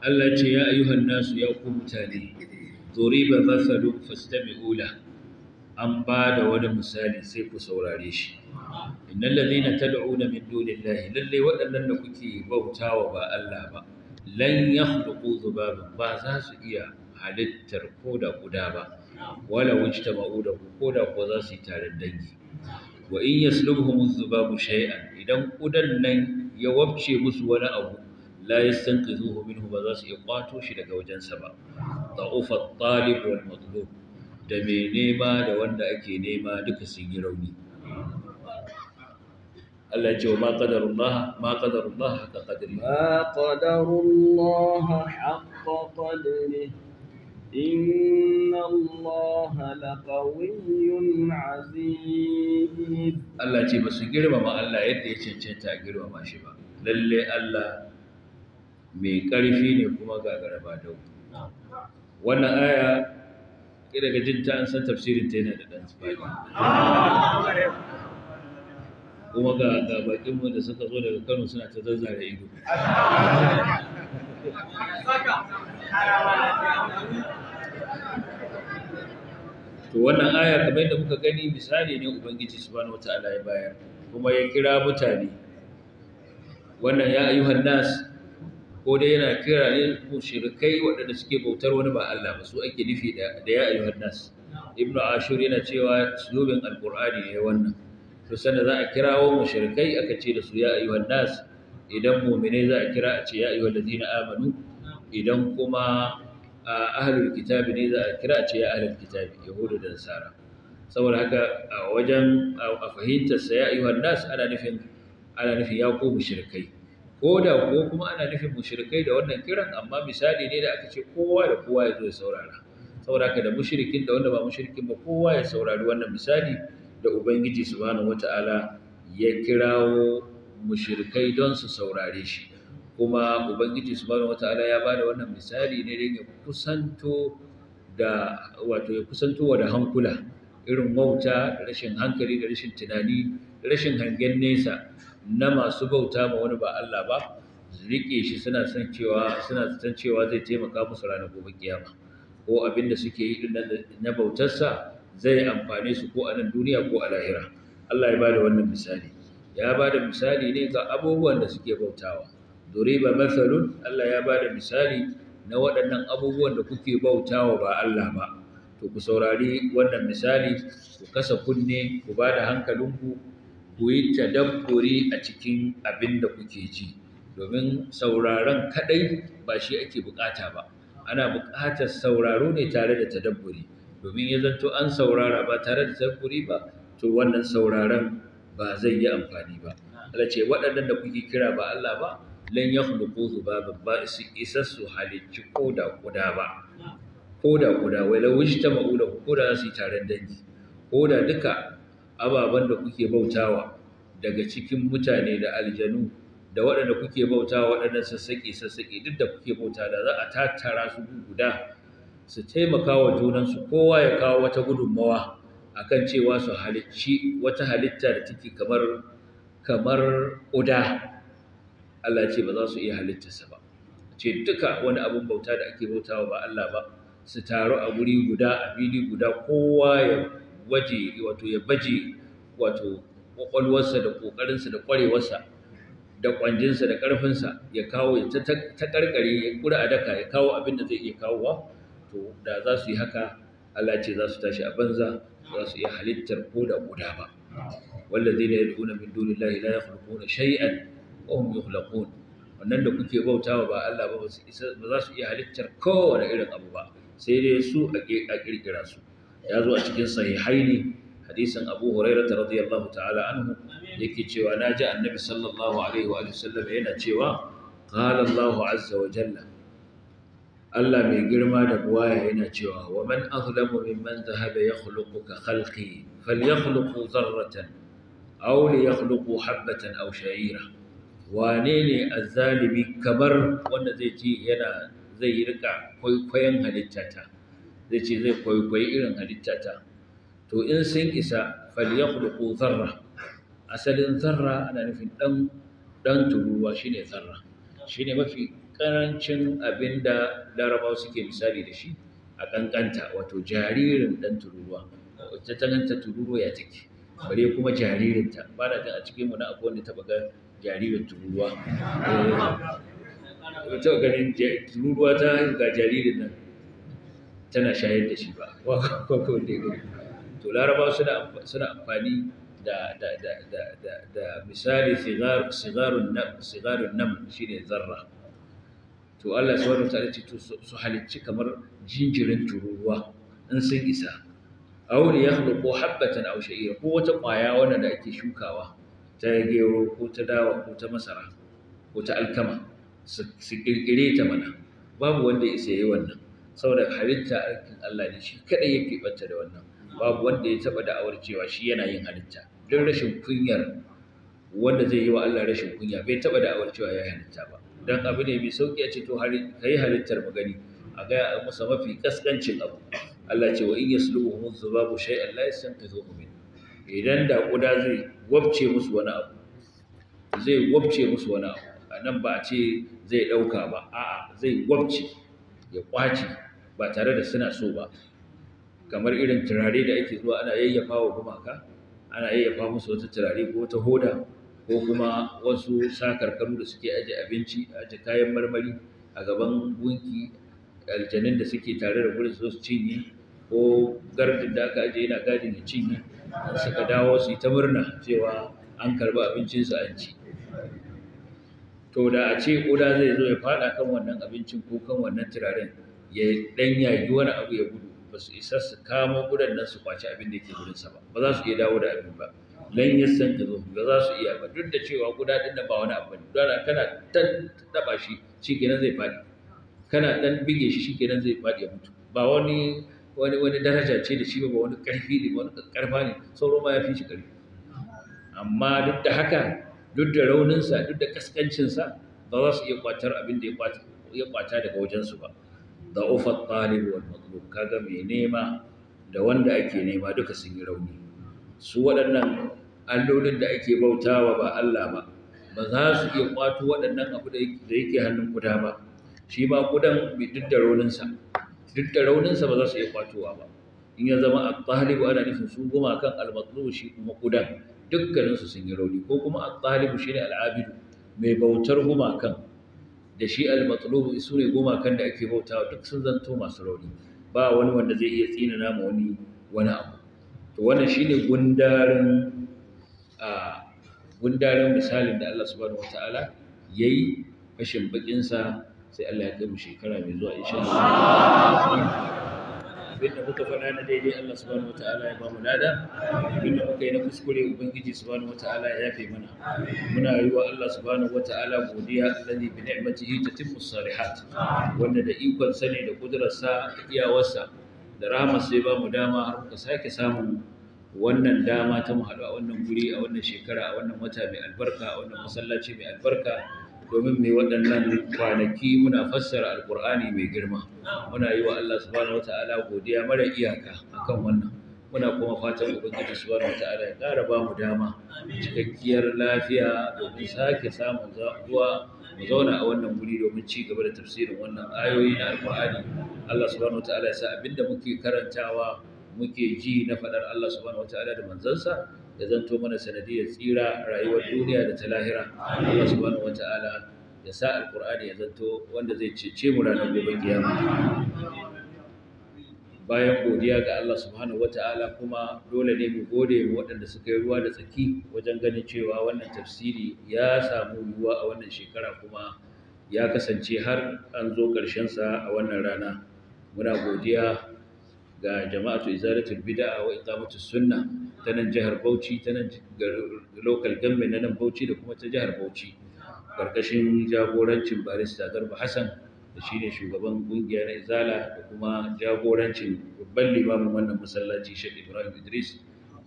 Allah ce ya ayyuhan nasu ya ku don fasta masalun fastami'ula, an ba da wani misali sai ku saurare shi. innal ladina tad'una min dunillahi lalle waɗannan da kuke bautawa ba Allah ba lan yakhluqu dhubaban ba za su iya halittar koda guda ba wala wajta ma'uda koda ko za su yi tarin dangi wa in yaslubhum dhubabu shay'an idan kudan nan ya wabce musu wani abu la yastanqidhuhu minhu ba za su iya kwato shi daga wajensa ba da'ufa at-talib wal matlub da mai nema da wanda ake nema duka sun yi rauni Allah ce ma Allah ma Allah haqqa qadri ma Allah haqqa qadri inna Allah qawiyyun aziz Allah ce basu girmama Allah yadda ya cancanta girmama shi ba lalle Allah mai karfi ne kuma ga ba dau wannan aya daga jinta an san tafsirin ta yana da dan tsibani kuma ga ga bakinmu da suka zo daga Kano suna ta zazzare ido to wannan aya kamar da muka gani misali ne ubangiji subhanahu wataala ya bayar kuma ya kira mutane wannan ya ayyuhan nas ko dai yana kira ne shirkai waɗanda suke bautar wani ba Allah ba su ake nufi da ya ayyuhan nas ibnu ashur yana cewa sulubin alqur'ani ne wannan to sanda za a kirawo mushrikai aka ce da su ya ayyuhan nas idan mu'mine za a kira a ce ya ayyuhal ladina amanu idan kuma ahlul kitabi ne za a kira a ce ya ahlul kitabi yahudu da nasara saboda haka a wajen a fahimtar sa ya ayyuhan nas ana nufin ana nufin ya ko mushrikai ko da ko kuma ana nufin mushrikai da wannan kiran amma misali ne da aka ce kowa da kowa ya zo ya saurara saboda haka da mushrikin da wanda ba mushrikin ba kowa ya saurari wannan misali da ubangiji subhanahu wata'ala ya kirawo mushirkai don su saurare shi kuma ubangiji subhanahu wata'ala ya bada wannan misali ne don ya kusanto da wato ya kusanto wa da hankula irin wauta rashin hankali da rashin tunani rashin hangen nesa na masu bauta ma wani ba Allah ba rike shi suna san cewa suna san cewa zai taimaka musu ranar gobe kiyama ko abin da suke yi na bautarsa zai amfane su ko a nan duniya ko a lahira Allah ya bada wannan misali ya bada misali ne ga abubuwan da suke bautawa duriba mathalun Allah ya bada misali na waɗannan abubuwan da kuke bautawa ba Allah ba to ku saurari wannan misali ku kasa kunne ku bada hankalinku ku yi tadabburi a cikin abin da kuke ji domin sauraron kaɗai ba shi ake bukata ba ana bukatar sauraro ne tare da tadabburi domin ya zanto an saurara ba tare da tarkuri ba to wannan sauraron ba zai yi amfani ba Allah ce waɗannan da kuke kira ba Allah ba lan yakhluqu zubaba ba su isa su halicci koda kuda ba koda kuda wai la ijtama'u maula koda su tare dangi koda duka ababan da kuke bautawa daga cikin mutane da aljanu da waɗanda kuke bautawa waɗannan sassaƙi sassaƙi duk da kuke bauta da za a tattara su guda su taimaka wa junansu kowa ya kawo wata gudunmawa akan cewa su halicci wata halitta da take kamar kamar ƙuda Allah ce ba za su iya halittarsa ba ce duka wani abin bauta da ake bautawa ba Allah ba su taru a guri guda a fili guda kowa ya waje wato ya baje wato kwakwalwarsa da ƙoƙarinsa, da kwarewarsa da ƙwanjinsa da ƙarfinsa, ya kawo ya ta karkare ya kura a daka ya kawo abin da zai iya kawowa to da za su yi haka Allah ce za su tashi a banza za su iya halittar ko da guda ba wallazina yad'una min dunillahi la yakhluquna shay'an wa hum yukhlaqun wannan da kuke bautawa ba Allah ba ba za su iya halittar kowane irin abu ba sai dai su a kirkira su ya zo a cikin sahihaini hadisin Abu Hurairah radiyallahu ta'ala anhu yake cewa na ji annabi sallallahu alaihi wa sallam yana cewa qala Allahu azza wa jalla Allah mai girma da buwaya yana cewa wa man azlamu mimman zahaba yakhluqu ka khalqi falyakhluqu zarratan aw liyakhluqu habatan aw sha'ira wane ne azzalimi kamar wanda zai ce yana zai rika kwaikwayon halittata zai ce zai kwaikwayi irin halittata to in sun isa falyakhluqu zarra asalin zarra ana nufin dan dan turuwa shine zarra shine mafi ƙarancin abin da larabawa suke misali da shi a ƙanƙanta wato jaririn ɗan tururuwa wacce ta ganta tururuwa ya take bare kuma jaririnta ba da a cikin mu na akwai wanda ta ga jaririn tururuwa eh, ta ganin tururuwa ta ga jaririn nan tana shayar da shi ba ko da ya to larabawa suna amfani da da da da da misali sigarun nam shine zarra to Allah ya wataala ce su halicci kamar jinjirin tururuwa in sun isa aw ya yakhluqu habatan aw shay'a ko wata kwaya wanda da ake shukawa ta gero ko ta dawa ko ta masara ko ta alkama su kirkire ta mana babu wanda ya isa wannan saboda halitta aikin Allah ne shi kadai yake banta da wannan babu wanda ya taba da'awar cewa shi yana yin halitta don rashin kunyar wanda zai yi wa Allah rashin kunya bai taba da'awar cewa ya halitta ba dan abu ne mai sauki a ce to kai halittar magani a ga musa mafi kaskancin abu Allah ce wa in yasluhu san shay'an zo mu min idan da kuda zai wabce musu wani abu zai wabce musu wani abu nan ba a ce zai ɗauka ba a'a zai wabce ya kwace ba tare da suna so ba kamar irin turare da ake zuwa ana yayyafa wa gumaka ana yayyafa musu wata turare ko wata hoda ko kuma wasu sakarkaru da suke aje abinci aje kayan marmari a gaban gunki aljanin da suke tare da gurin su cinye ko gardin da aka aje yana gadin ya cinye suka dawo su yi ta murna cewa an karba su an ci to da a ce koda zai zo ya faɗa kan wannan abincin ko kan wannan turaren ya ɗan yagi wani abu ya gudu ba su isa su kamo gudan nan su kwaci abin da ke gurinsa ba ba za su iya dawo da abin ba lan zo ba za su iya ba duk da cewa guda din da ba wani abu ne don kana tan taba shi shikenan zai fadi kana dan bige shi shikenan zai fadi ya mutu ba wani wani wani daraja ce da shi ba wani karfi ne wani karfa ne sauro ma ya fi shi karfi amma duk da haka duk da rauninsa duk da kaskancinsa ba za su iya kwatar abin da ya kwata daga wajensu ba da ufat talib wal matlub kaga mai nema da wanda ake nema duka sun yi rauni su waɗannan allolin da ake bautawa ba Allah ba ba za su iya kwato waɗannan abu da yake hannun kuda ba shi ba kudan duk da rauninsa duk da ba za su iya kwatowa ba in ya zama a tsalibu ana nufin su goma kan almatsu shi kuma kudan dukkaninsu sun yi rauni ko kuma a tsalibu shi ne al'abidu mai bautar kan da shi almatsu su ne goma kan da ake bautawa duk sun zanto masu rauni ba wani wanda zai iya tsinana ma wani wani abu to wannan shine gundarin a gundarin misalin da Allah subhanahu ta'ala ya yi fashin bakinsa sai Allah ya kai shekara mai zuwa insha Allah abinda muka faɗa na daidai Allah subhanahu ta'ala ya bamu lada abinda muka yi na kuskure ubangiji subhanahu ta'ala ya yafe mana muna yi wa Allah subhanahu ta'ala godiya alladhi bi ni'matihi tatimmu salihat wanda da ikon sani da kudurar sa iyawarsa da rahama sai bamu dama har muka sake samu. wannan dama ta mu haɗu a wannan guri a wannan shekara a wannan wata mai albarka a wannan masallaci mai albarka domin mai waɗannan kwanaki muna fassara alkur'ani mai girma muna yi wa Allah subhanahu wata'ala godiya mara iyaka akan wannan muna kuma fatan ubangiji subhanahu wata'ala ya ƙara ba mu dama cikakkiyar lafiya domin sake samun zuwa mu zauna a wannan guri domin ci gaba da tafsirin wannan ayoyi na Alƙur'ani. Allah subhanahu wata'ala ya sa abinda muke karantawa muke ji na faɗar Allah subhanahu ta'ala da manzansa ya zanto mana sanadiyar tsira rayuwar duniya da ta lahira Allah subhanahu ta'ala ya sa alqur'ani ya zanto wanda zai cece mu ranar gobe kiyama bayan godiya ga Allah subhanahu ta'ala kuma dole ne mu gode wa waɗanda suka yi ruwa da tsaki wajen ganin cewa wannan tafsiri ya samu ruwa a wannan shekara kuma ya kasance har an zo ƙarshensa a wannan rana muna godiya ga jama'atu izalatul bid'a wa iqamatus sunna ta nan jihar Bauchi ta nan local government na nan Bauchi da kuma ta jihar Bauchi karkashin jagorancin barista Garba Hassan da shine shugaban kungiya na Izala da kuma jagorancin babban limamin wannan masallaci Sheikh Ibrahim Idris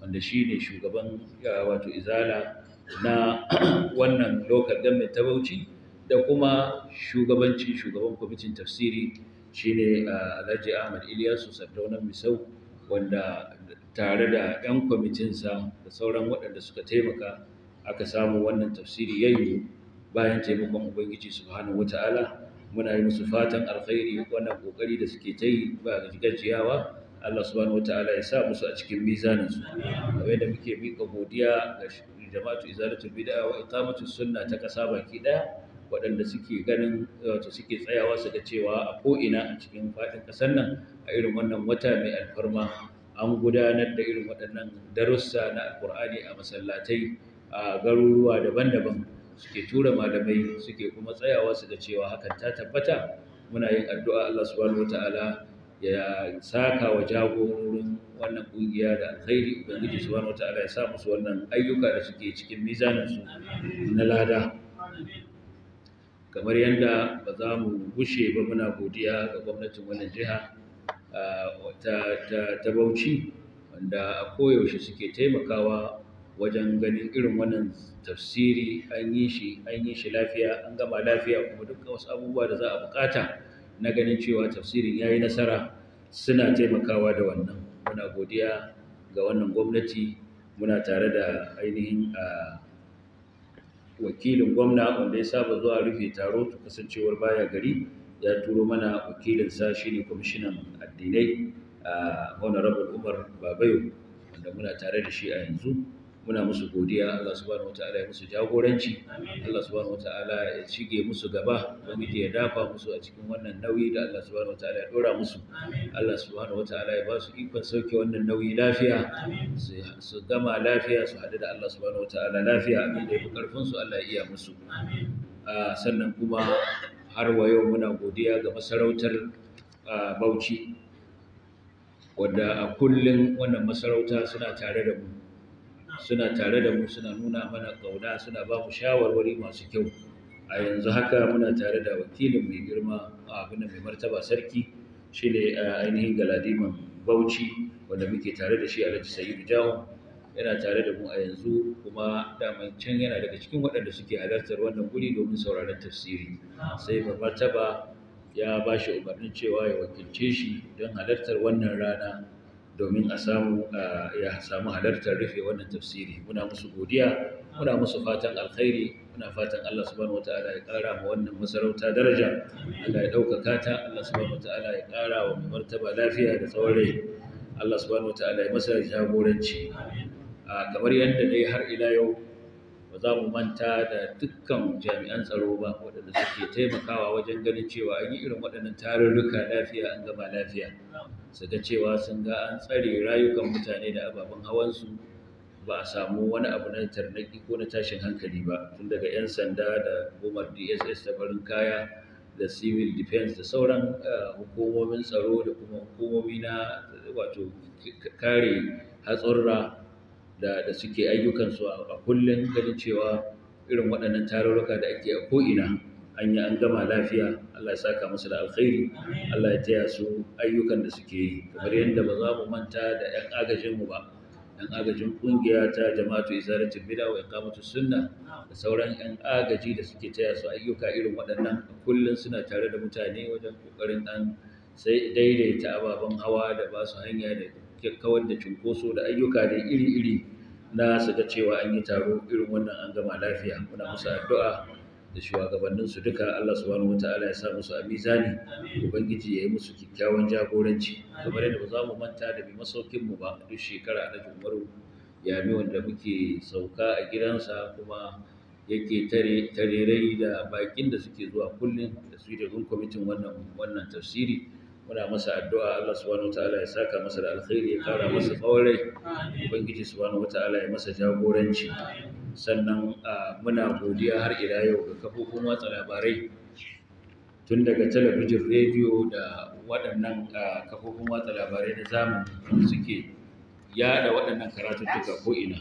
wanda shine shugaban wato Izala na wannan local government ta Bauchi da kuma shugabancin shugaban kwamitin tafsiri shine eh, Alhaji Ahmad Ilyasu Saddaunan Misau wanda tare da 'yan kwamitinsa da sauran waɗanda suka taimaka aka samu wannan tafsiri yayi bayan taimakon Ubangiji Subhanahu wata'ala muna yi musu fatan alkhairi wannan kokari da suke ta yi ba gajiyawa Allah subhanahu wataala ya sa musu a cikin mizanin su kamar da muke mika godiya ga jama'atu izalatul bid'a wa iqamatus sunna ta ƙasa baki ɗaya. waɗanda suke ganin eh, wato suke tsayawa su ga cewa a ko'ina a cikin faɗin ƙasar nan a irin wannan wata mai alfarma an gudanar da irin waɗannan darussa na Alƙur'ani a masallatai a garuruwa daban-daban suke tura malamai suke kuma tsayawa su ga cewa hakan ta tabbata muna yin addu'a Allah subhanahu wataala ya saka wa jagororin wannan kungiya da alkhairi ubangiji subhanahu wataala ya sa musu wannan ayyuka da suke cikin mizanin su na lada kamar yadda ba za mu gushe ba muna godiya ga gwamnatin wannan jiha ta bauchi wanda a koyaushe suke taimakawa wajen ganin irin wannan tafsiri an yi shi an yi shi lafiya an gama lafiya kuma duk wasu abubuwa da za a bukata na ganin cewa tafsirin ya yi nasara suna taimakawa da wannan muna godiya ga wannan gwamnati muna tare da ainihin a wakilin gwamna wanda ya saba zuwa rufe taro ta kasancewar baya gari ya turo mana wakilin sa shine kwamishinan addinai a ah, honorable umar babayo wanda muna tare da shi a yanzu muna musu godiya Allah subhanahu wataala ya musu jagoranci Allah subhanahu wataala ya shige musu gaba ubangiji ya dafa musu a cikin wannan nauyi da Allah subhanahu wataala ya dora musu Allah subhanahu wataala ya ba su ikon sauke wannan nauyi lafiya su gama lafiya su haɗu da Allah subhanahu wataala lafiya amin da ya fi su Allah ya iya musu sannan kuma har wa yau muna godiya ga masarautar Bauchi wadda a kullum wannan masarauta suna tare da mu suna tare da mu suna nuna mana ƙauna suna ba mu shawarwari masu kyau a yanzu haka muna tare da wakilin mai girma a abin mai martaba sarki shi ne ainihin galadiman bauchi wanda muke tare da shi a sayyidu jawo yana tare da mu a yanzu kuma daman can yana daga cikin waɗanda suke halartar wannan guri domin sauraron tafsiri sai mai martaba ya ba shi umarnin cewa ya wakilce shi don halartar wannan rana domin a samu ya samu halartar rufe wannan tafsiri muna musu godiya muna musu fatan alkhairi muna fatan Allah subhanahu wataala ya kara ma wannan masarauta daraja Allah ya dauka ta Allah subhanahu wataala ya kara wa mai martaba lafiya da tsawon rai Allah subhanahu wataala ya masa jagoranci kamar yadda dai har ila yau ba za mu manta da dukkan jami'an tsaro ba waɗanda suke taimakawa wajen ganin cewa an yi irin waɗannan tarurruka lafiya an gama lafiya su ga cewa sun ga an tsare rayukan mutane da ababen hawansu ba a samu wani abu na tarnaki ko na tashin hankali ba tun daga 'yan sanda da gomar dss da farin kaya da civil defense da sauran eh, hukumomin tsaro da kuma hukumomi na wato kare hatsurra da suke ayyukansu a kullum ganin cewa irin waɗannan tarurruka da ake a ko'ina an yi an gama lafiya Allah ya saka musu da alkhairi Allah ya taya su ayyukan da suke yi kamar yadda ba za mu manta da 'yan agajinmu ba 'yan agajin kungiya ta jama'atu izaratul bid'a wa iqamatu sunna da sauran 'yan agaji da suke taya su ayyuka irin waɗannan kullun suna tare da mutane wajen kokarin dan sai daidaita ababen hawa da ba su hanya da kawar da cunkoso da ayyuka da iri-iri na su ga cewa an yi taro irin wannan an gama lafiya muna musu addu'a da shugabanninsu duka Allah subhanahu wata'ala ya sa musu a mizani ubangiji ya yi musu kyakkyawan jagoranci kamar yadda ba za mu manta da bi mu ba duk shekara na jumaru mi wanda muke sauka a gidansa kuma yake tare tarerai da bakin da suke zuwa kullum da su da kwamitin wannan wannan tafsiri muna masa addu'a Allah subhanahu wata'ala ya saka masa da alkhairi ya kara masa tsaurai ubangiji subhanahu wata'ala ya masa jagoranci sannan muna godiya har ila yau ga kafofin watsa labarai tun daga talabijin rediyo da waɗannan kafofin watsa labarai na zamani suke yada waɗannan karatuttuka ko'ina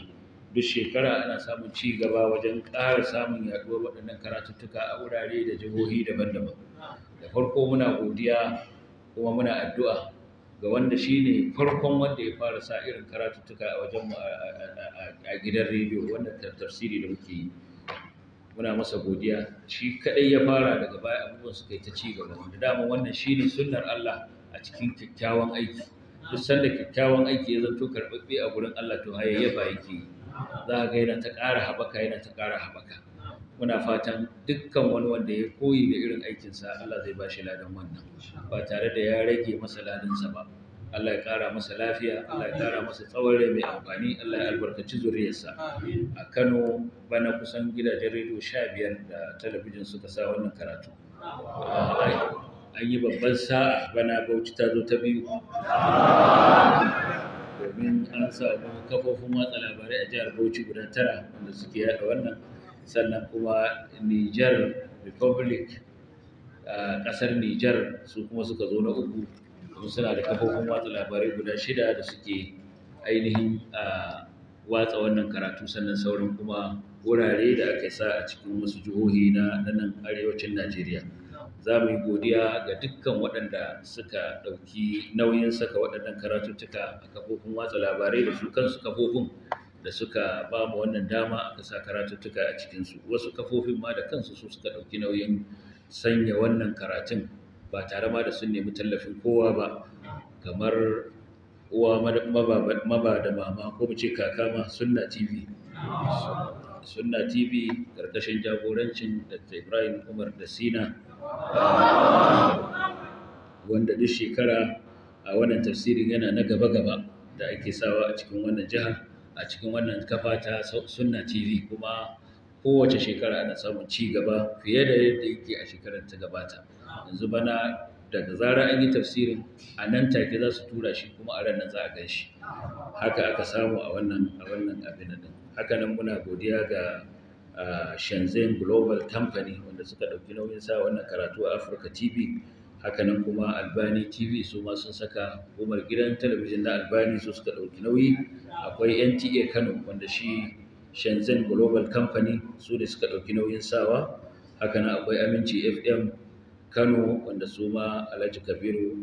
duk shekara ana samun ci gaba wajen ƙara samun yaduwar waɗannan karatuttuka a wurare da jihohi daban-daban da farko muna godiya kuma muna addu'a ga wanda shi ne farkon wanda ya fara sa irin karatuttuka a wajenmu a gidan rediyo wanda tafsiri da muke yi muna masa godiya shi kadai ya fara daga baya abubuwan su kai ta ci gaba wanda dama wannan shi ne sunnar Allah a cikin kyakkyawan aiki duk sanda kyakkyawan aiki ya zanto karɓaɓɓe a gurin Allah to hayayyafa yake za ka ga yana ta ƙara haɓaka yana ta ƙara haɓaka muna fatan dukkan wani wanda ya koyi da irin aikinsa Allah zai ba shi ladan wannan ba tare da ya rage masa ladansa ba Allah ya ƙara masa lafiya, Allah ya ƙara masa tsawon rai mai amfani, Allah ya albarkaci zuriyarsa. A Kano bana kusan gidajen rediyo sha biyar da talabijin suka sa wannan karatu. An yi babban sa'a bana Bauchi ta zo ta biyu. Domin an samu kafofin watsa labarai a jihar Bauchi guda tara wanda suke yaɗa wannan. sannan kuma Nijar republic eh, ƙasar Nijar su kuma suka zo na uku kuma suna da kafofin watsa labarai guda shida da suke ainihin eh, watsa wannan karatu sannan sauran kuma wurare da aka sa a cikin wasu jihohi na nan arewacin najeriya za mu yi godiya ga dukkan waɗanda suka ɗauki nauyin saka waɗannan karatuttuka a kafofin watsa labarai da su kansu kafofin da suka ba mu wannan dama aka sa karatuttuka a cikinsu wasu kafofin ma da kansu su suka ɗauki nauyin sanya wannan karatun ba tare ma da sun nemi tallafin kowa ba kamar uwa maba da mama ko mu ce kaka ma sunna tv sunna tv karkashin jagorancin da ibrahim umar da sina wanda duk shekara a wannan tafsirin yana na gaba-gaba da ake sawa a cikin wannan jihar a cikin wannan kafa ta sunna tv kuma kowace shekara ana samun ci gaba fiye da yadda yake a shekarar ta gabata yanzu bana daga zara an yi tafsirin a nan take za su tura shi kuma a ran za a gan shi haka aka samu a wannan a wannan abin nan haka nan muna godiya ga ah, Shenzhen Global Company wanda suka ɗauki nauyin sa wannan karatu a Africa TV hakanan kuma albani tv su ma sun saka hukumar gidan talabijin na albani su suka dauki nauyi akwai nta kano wanda shi shenzhen global company su ne suka dauki nauyin sawa hakanan akwai aminci fm kano wanda su ma alhaji kabiru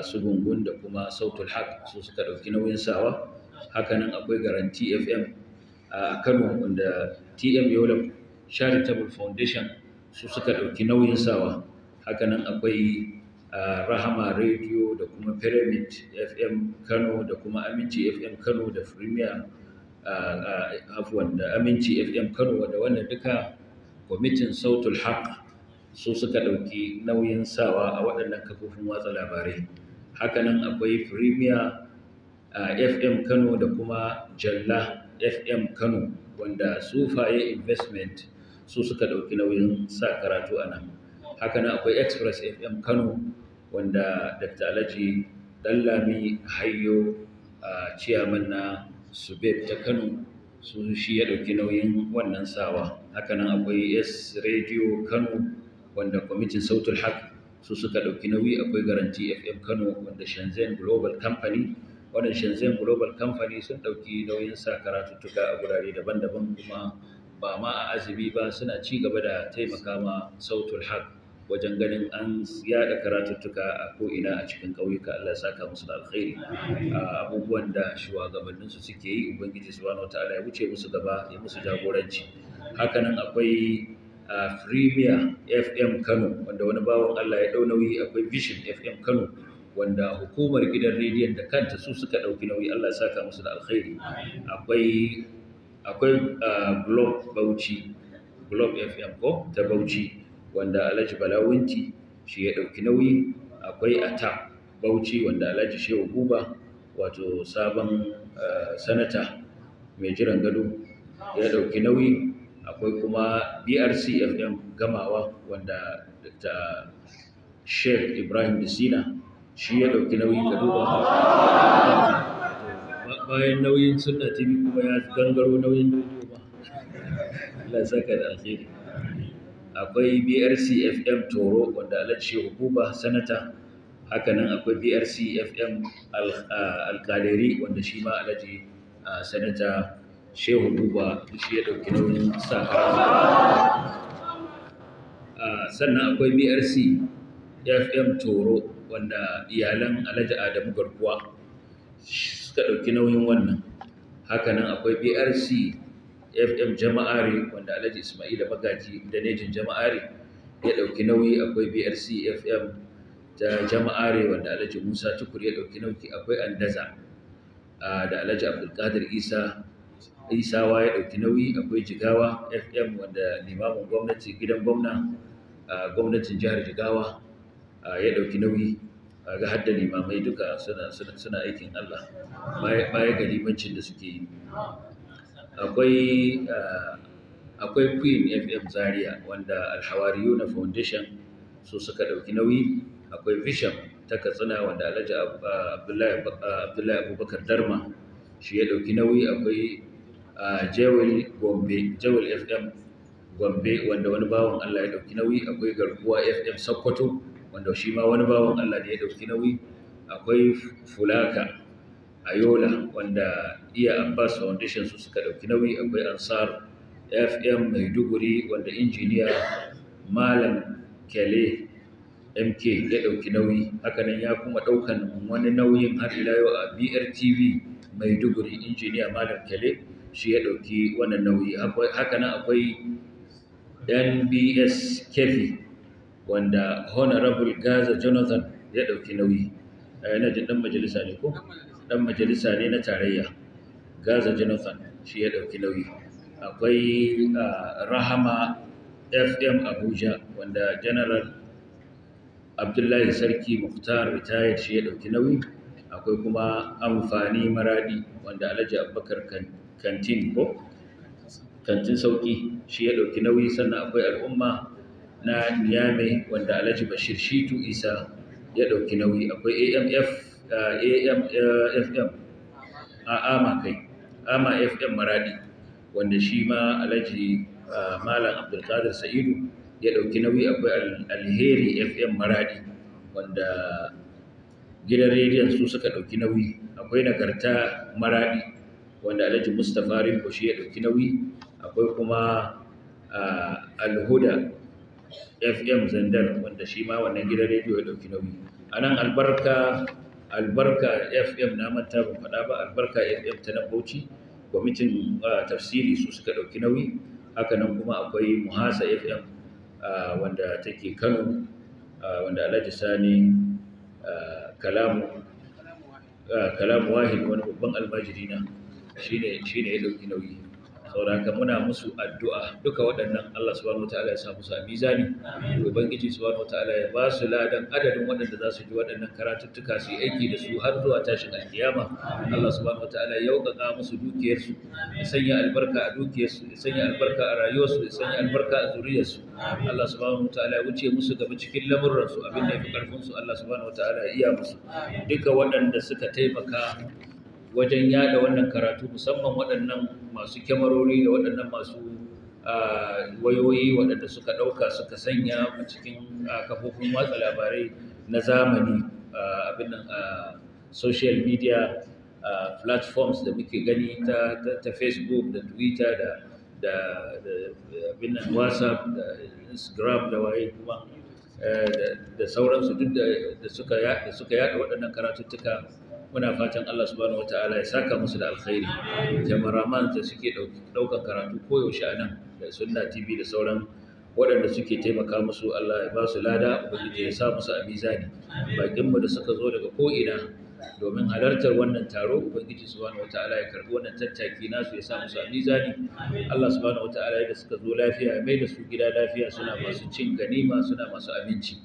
su gungun da kuma sautul haq su suka dauki nauyin sawa hakanan akwai garanti fm a kano wanda tm yola charitable foundation su suka dauki nauyin sawa hakanan akwai ah, rahama radio da kuma pyramid fm kano da kuma aminci fm kano da premier ah, ah, da aminci fm kano da wannan duka kwamitin sautul haq su suka ɗauki nauyin sawa a waɗannan kafofin watsa labarai hakanan akwai premier fm kano da kuma jalla fm kano wanda sufaye investment su suka ɗauki nauyin sa karatu a nan haka nan akwai express fm kano wanda dr alhaji dallami hayo a ciyaman na subeb ta kano su shi ya dauki nauyin wannan sawa haka nan akwai s radio kano wanda kwamitin sautul haq su suka dauki nauyi akwai garanti fm kano wanda shenzhen global company wannan shenzhen global company sun dauki nauyin sa karatuttuka a gurare daban-daban kuma ba ma a azumi ba suna ci gaba da taimaka ma sautul haq wajen ganin an yada karatuttuka a ko'ina a cikin ƙauyuka Allah ya saka musu da alkhairi a abubuwan da shugabanninsu suke yi ubangiji subhanahu wataala ya wuce musu gaba ya musu jagoranci hakanan akwai Premier FM Kano wanda wani bawan Allah ya ɗau nauyi akwai Vision FM Kano wanda hukumar gidan rediyon da kanta su suka ɗauki nauyi Allah ya saka musu da alkhairi akwai akwai blog Bauchi blog FM ko ta Bauchi wanda alhaji balawunti shi ya ɗauki nauyi akwai ata bauchi wanda alhaji shehu guba wato sabon eh, sanata mai jiran gado ya ɗauki nauyi akwai kuma brc fm gamawa wanda da sheikh ibrahim disina shi ya ɗauki nauyi gado duba bayan nauyin sunna tv kuma ya gangaro nauyin ba. Allah saka da alheri akwai brcfm toro wanda alhaji shehu buba sanata hakanan akwai brcfm alkaleri wanda shi ma alhaji sanata shehu buba shi ya dauki nauyin sa sannan akwai brc fm toro wanda iyalan alhaji adamu garkuwa suka ɗauki nauyin wannan hakanan akwai brc fm jama'ari wanda alhaji ismaila bagaji da nejin jama'ari ya ɗauki nauyi akwai brc fm ta jama'are wanda alhaji musa tukur ya ɗauki nauyi akwai andaza da alhaji abdulkadir isa isawa ya ɗauki nauyi akwai jigawa fm wanda limamin gwamnati gidan gwamna gwamnatin jihar jigawa ya ɗauki nauyi ga hadda limamai duka suna aikin allah baya ga limancin da suke yi akwai eh, akwai queen fm zaria wanda alhawariyuna foundation su suka ɗauki nauyi akwai vision ta katsina wanda alhaji eh, eh, abdullahi abubakar darma shi ya ɗauki nauyi akwai jewel fm gombe wanda wani bawan allah ya ɗauki nauyi akwai garkuwa fm sokoto wanda shi ma wani bawan allah ne ya ɗauki nauyi akwai fulaka ayola wanda iya abbas foundation su suka ɗauki nauyi akwai ansar fm maiduguri wanda injiniya malam Kele mk ya ɗauki nauyi hakanan ya kuma ɗaukan wani nauyin har ila yau a brtv maiduguri injiniya malam Kele shi ya ɗauki wannan nauyi hakanan akwai nbs kefi wanda honorable gaza jonathan ya ɗauki nauyi yana eh, jin ɗan majalisa ne ko? ɗan majalisa ne na tarayya gaza jonathan shi ya ɗauki nauyi akwai rahama fm abuja wanda general abdullahi sarki muhtar retired shi ya ɗauki nauyi akwai kuma amfani maradi wanda alhaji abubakar kantin ko kantin sauki shi ya ɗauki nauyi sannan akwai al'umma na niyame wanda alhaji bashir shitu isa ya ɗauki nauyi akwai amf amfm a ama kai ama fm maradi wanda shi ma alhaji malam abdulkadir sa'idu ya ɗauki nauyi akwai alheri fm maradi wanda gidan rediyon su suka ɗauki nauyi akwai nagarta maradi wanda alhaji mustapha rinko shi ya ɗauki nauyi akwai kuma alhuda fm zandar wanda shi ma wannan gidan rediyo ya ɗauki nauyi a nan albarka albarka fm na manta ban faɗa ba albarka fm ta na bauchi kwamitin ah, tafsiri su suka ɗauki nauyi haka nan kuma akwai muhasa fm ah, wanda take kano ah, wanda alhaji sani kalamu kalamu wahid wani babban almajiri na shine ya ɗauki nauyi sauraka muna musu addu'a duka waɗannan Allah subhanahu wata'ala ya sa musu a mizani ubangiji subhanahu wata'ala ya ba su ladan adadin waɗanda za su ji waɗannan karatuttuka su yi aiki da su har zuwa tashin alkiyama Allah subhanahu wata'ala ya yaukaka musu dukiyarsu ya sanya albarka a dukiyarsu ya sanya albarka a rayuwarsu ya sanya albarka a zuriyarsu Allah subhanahu wata'ala ya wuce musu gaba cikin lamurransu abin da ya fi karfin su Allah subhanahu wata'ala ya iya musu duka waɗanda suka taimaka wajen yada wannan karatu musamman waɗannan masu kyamarori da waɗannan masu wayoyi waɗanda suka ɗauka suka sanya a cikin kafofin watsa labarai na zamani abin social media platforms da muke gani ta facebook da twitter da da abin nan whatsapp da instagram da waye kuma eh, da sauransu duk da suka yada waɗannan karatuttuka muna fatan Allah subhanahu ya saka musu da alkhairi jama'araman da suke ɗaukan karatu koyaushe a nan da sunna tv da sauran waɗanda suke taimaka musu Allah ya ba su lada ubangiji ya sa musu a mizani mu da suka zo daga ko'ina domin halartar wannan taro ubangiji subhanahu wataala ya karbi wannan tattaki nasu ya sa musu a mizani Allah subhanahu wataala da suka zo lafiya mai da su gida lafiya suna masu cin ganima suna masu aminci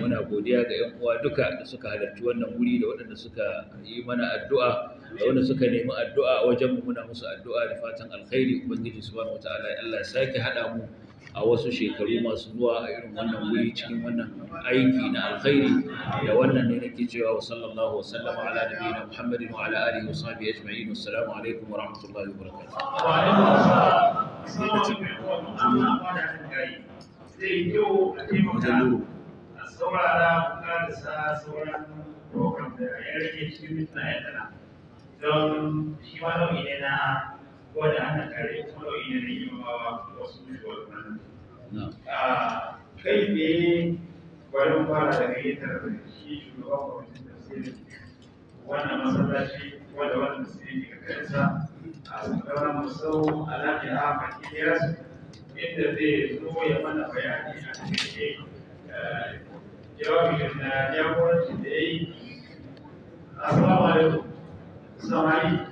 muna godiya ga yan uwa duka da suka halarci wannan wuri da waɗanda suka yi mana addu'a da wanda suka nemi addu'a wajen mu muna musu addu'a da fatan alkhairi ubangiji subhanahu wataala Allah ya sake hada mu a wasu shekaru masu zuwa a irin wannan wuri cikin wannan aiki na alkhairi da wannan ne nake cewa wa sallallahu wa sallama ala nabiyina muhammadin wa ala alihi wa sahbihi ajma'in assalamu alaikum wa rahmatullahi wa barakatuh wa alaikum assalam sai kyau a taimaka a saurara sa sauran program da ya rage cikin mutane don shi ma nau'i ne na wanda ana kare nau'i na yawa wasu shugabannin kai ne wani fara da gayyatar da shi shugaban kwamitin tafsiri wannan masallaci wanda wannan tafsiri ke kansa a sakara musau alaƙi a makiliyas inda zai zo ya mana bayani a cikin eh, jawabin na jagoranci da ya yi assalamu alaikum samari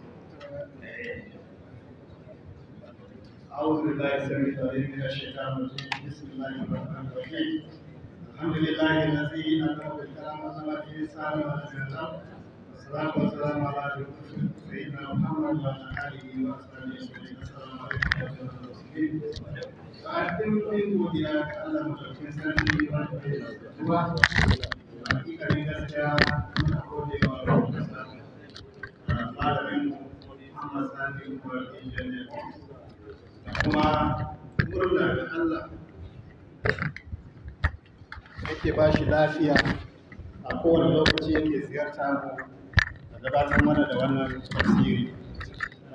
أعوذ بالله السميع العليم من الشيطان الرجيم بسم الله الرحمن الرحيم الحمد لله الذي أتاه بالكلام على دين السلام والصلاة والسلام على سيدنا محمد وعلى آله وأصحابه أجمعين السلام عليكم ورحمة الله وبركاته فأقدم من وديعك على متوفين سنتي وأجمعين kuma murna ga Allah yake ba shi lafiya a kowane lokaci yake ziyarta mu da gabatar mana da wannan tasiri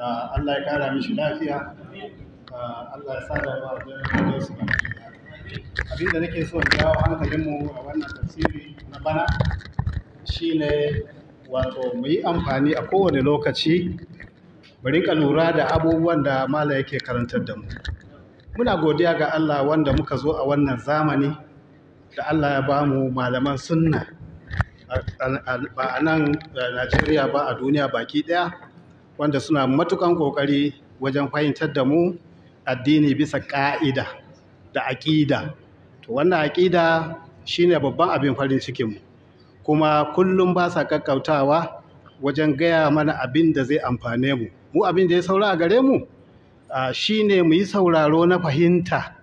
ah, Allah ya kara mishi lafiya ah, Allah ya sada ba a jirgin su abin da nake so jawo hankalinmu a wannan tasiri na bana shine wato mu yi amfani a kowane lokaci bari ka lura da abubuwan da malam yake karantar da mu muna godiya ga Allah wanda muka zo a wannan zamani da Allah ya ba mu malaman sunna ba a nan eh, Najeriya ba a duniya baki ɗaya wanda suna matukan ƙoƙari wajen fahimtar da mu addini bisa ƙa'ida da aƙida to wannan aƙida shine babban abin farin cikin mu kuma kullum ba sa ƙaƙƙautawa wajen gaya mana abin da zai amfane mu mu abin da ya saura a gare mu shi ne mu yi sauraro na fahimta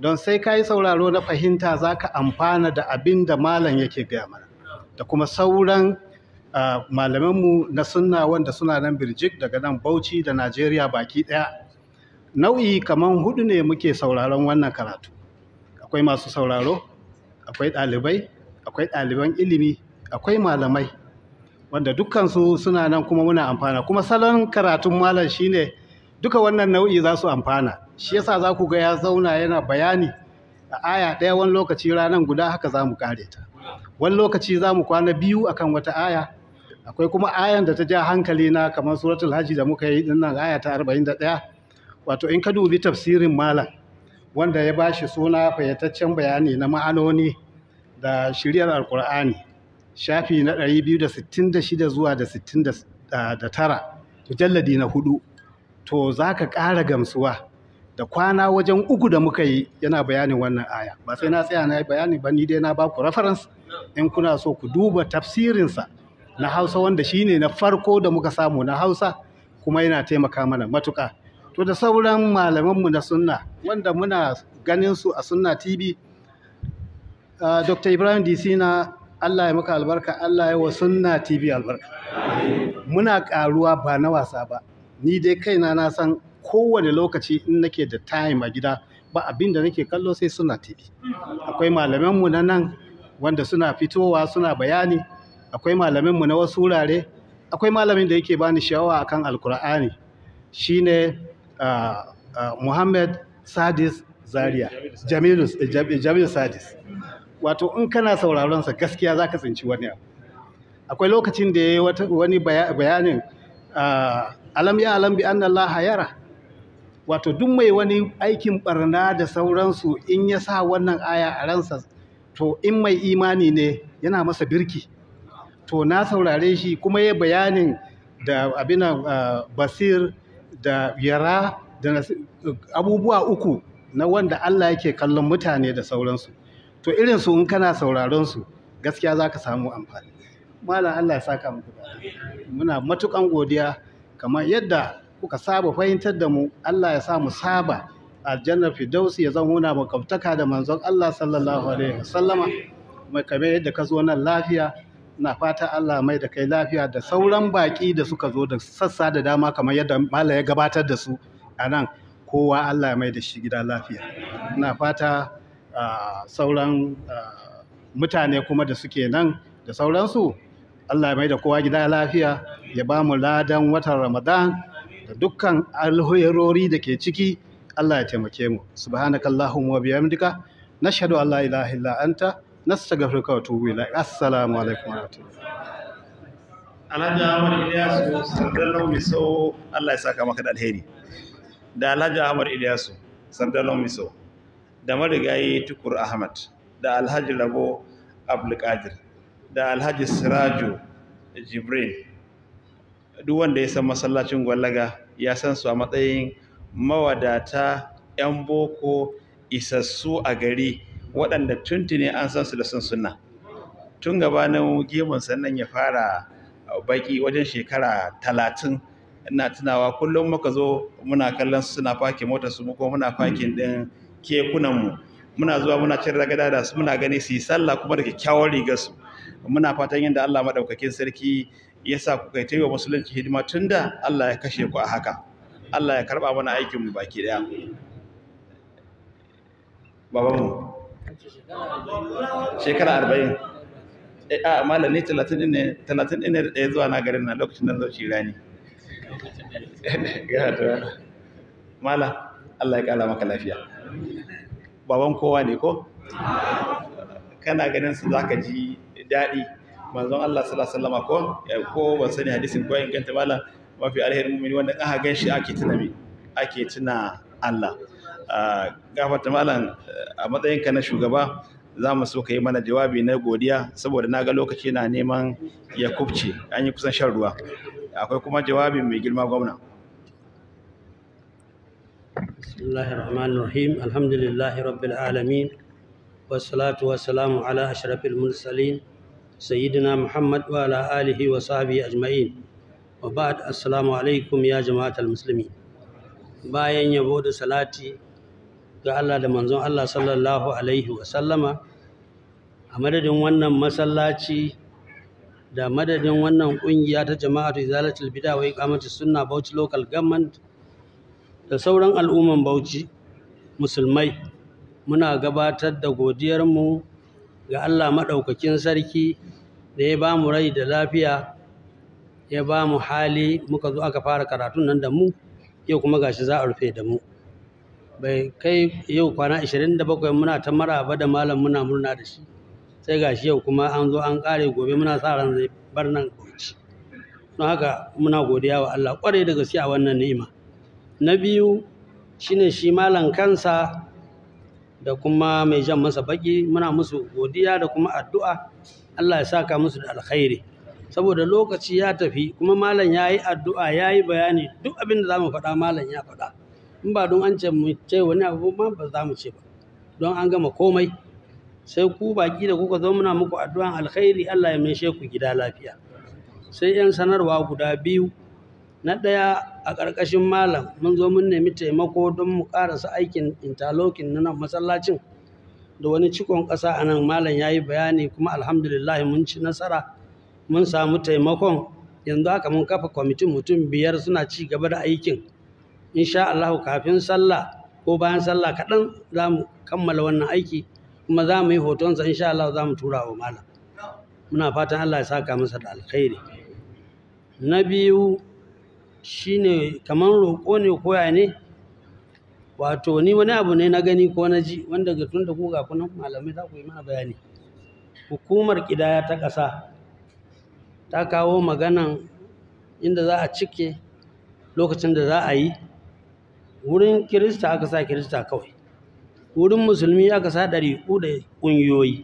don sai ka yi sauraro na fahimta za ka amfana da abin da malam yake gaya mana da kuma sauran malamanmu na sunna wanda suna nan birjik daga nan bauchi da najeriya baki ɗaya nau'i kamar hudu ne muke sauraron wannan karatu akwai masu sauraro akwai ɗalibai akwai ɗaliban ilimi akwai malamai wanda dukkansu suna nan kuma muna amfana kuma salon karatun malam shine duka wannan nau'i za su amfana shi yasa za ku ga ya zauna yana bayani a aya ɗaya wani lokaci ranar guda haka za mu kare ta wani lokaci za mu kwana biyu akan wata aya akwai kuma ayan da ta ja hankali na kamar suratul hajji da muka yi dinnan aya ta 41 wato in ka dubi tafsirin malam wanda ya bashi suna fayyataccen bayani na ma'anoni da shiryar alkur'ani shafi na 266 zuwa da 69 mujalladi na hudu to za ka ƙara gamsuwa da kwana wajen uku da muka yi yana bayanin wannan aya ba sai na tsaya na bayani ba ni dai na baku reference in kuna so ku duba tafsirinsa na hausa wanda shi ne na farko da muka samu na hausa kuma yana taimaka mana matuka to da sauran malamanmu na sunna wanda muna ganin su a sunna tv ah, dr ibrahim disina Allah ya muka albarka Allah ya wa sunna TV albarka muna karuwa ba na wasa ba ni dai kaina na san kowane lokaci in nake da time a gida ba abin da nake kallo sai suna TV akwai malamanmu na nan wanda suna fitowa suna bayani akwai malaminmu na wasu wurare akwai malamin da yake bani sha'awa akan alkur'ani shine ne ah, ah, Muhammad Sadis Zaria Jamilu eh, Sadis wato in kana sauraron sa gaskiya zaka tsinci wani abu akwai lokacin da yayi wani bayanin alam ya alam bi Allah wato duk mai wani aikin barna da sauransu in ya sa wannan aya a ransa to in mai imani ne yana masa birki to na saurare shi kuma ya bayanin da abinan basir da yara da abubuwa uku na wanda Allah yake kallon mutane da sauransu to irin su in kana sauraron su gaskiya za ka samu amfani malam Allah ya saka muku da muna matukan godiya kamar yadda kuka saba fahimtar da mu Allah ya sa mu saba aljannar fidausi ya zan muna makabtaka da manzon Allah sallallahu alaihi wasallama mai kamar yadda ka zo nan lafiya na fata Allah mai da kai lafiya da sauran baki da suka zo da sassa da dama kamar yadda mala ya gabatar da su a nan kowa Allah mai da shi gida lafiya na fata sauran mutane kuma da suke nan da sauransu Allah mai da kowa gida lafiya ya ba mu ladan watan Ramadan da dukkan alhoyarori da ke ciki Allah ya taimake mu subhanakallahu wa bihamdika nashhadu an la ilaha illa anta nastaghfiruka wa tubu ilaik assalamu alaikum wa rahmatullahi Alhaji Ahmad Ilyasu Sardalau Miso Allah ya saka maka da alheri da Alhaji Ahmad Ilyasu Sardalau Miso da marigayi tukur ahmad da alhaji rabo abdulkadir da alhaji siraju jibril duk wanda ya san masallacin gwallaga ya san su a matsayin mawadata 'yan boko isassu a gari waɗanda tuntuni an san su da sun suna tun gabanin gemun sannan ya fara baki wajen shekara talatin na tunawa kullum muka zo muna kallon suna fakin motarsu su muka muna fakin ɗin kekunanmu muna zuwa muna cin ragada da su muna gani su yi sallah kuma da kyakkyawar rigar su muna fatan yadda Allah maɗaukakin sarki ya sa ku kai ta yi wa musulunci hidima tunda Allah ya kashe ku a haka Allah ya karɓa mana aikin mu baki ɗaya. babanmu shekara arba'in eh, a malam ne talatin ne talatin ne da ɗaya zuwa na garin na lokacin da zauci rani mala Allah ya ƙara maka lafiya baban kowa ne ko kana ganin su zaka ji daɗi manzon Allah salasalama ko eh, ko ban sani hadisin ko ganta mala mafi alherin mummini wanda aka ganshi ake tuna mai ake tuna Allah ah, gafarta malam eh, a matsayinka na shugaba za mu so ka yi mana jawabi na godiya saboda na ga lokaci na neman ya kubce an yi kusan shan ruwa akwai kuma jawabi mai girma gwamna بسم الله الرحمن الرحيم الحمد لله رب العالمين والصلاة والسلام على أشرف المرسلين سيدنا محمد وعلى آله وصحبه أجمعين وبعد السلام عليكم يا جماعة المسلمين bayan yabo da salati ga Allah da manzon Allah sallallahu alaihi wa sallama a madadin wannan masallaci da madadin wannan kungiya ta jama'atu izalatul bid'a wa iqamatus sunna Bauchi local government da sauran al'umman Bauchi musulmai muna gabatar da godiyarmu ga Allah maɗaukakin sarki da ya ba mu rai da lafiya ya ba mu hali muka zo aka fara karatun nan da mu yau kuma gashi za a rufe da mu bai kai yau kwana 27 muna ta maraba da malam muna murna da shi sai gashi yau kuma an zo an ƙare gobe muna sa ran zai bar nan don haka muna godiya wa Allah ƙwarai da gaske a wannan ni'ima na biyu shine shi malam kansa da kuma mai jan masa baki muna musu godiya da kuma addu'a Allah ya saka musu da alkhairi saboda lokaci ya tafi kuma malam ya yi addu'a ya yi bayani duk abin da za mu faɗa malam ya faɗa in ba don an ce mu ce wani abu ma ba za mu ce ba don an gama komai sai ku baƙi da kuka zo muna muku addu'an alkhairi Allah ya maishe ku gida lafiya sai 'yan sanarwa guda biyu na ɗaya a ƙarƙashin malam mun zo mun nemi taimako don mu ƙarasa aikin interlocking na nan masallacin da wani cikon ƙasa a nan malam ya yi bayani kuma alhamdulillah mun ci nasara mun samu taimakon yanzu haka mun kafa kwamitin mutum biyar suna ci gaba da aikin insha Allah kafin sallah ko bayan sallah kaɗan za mu kammala wannan aiki kuma za mu yi hotonsa insha Allah za mu tura wa malam muna fatan Allah ya saka masa da alkhairi na biyu Shi ne kamar roƙo ne ko ya ne wato ni wani abu ne na gani ko na ji wanda ga tun da ku ga kunan malamai za ku yi mana bayani hukumar ƙidaya ta ƙasa ta kawo maganan inda za a cike lokacin da za a yi wurin kirista aka sa kirista kawai wurin musulmi aka sa ku da ƙungiyoyi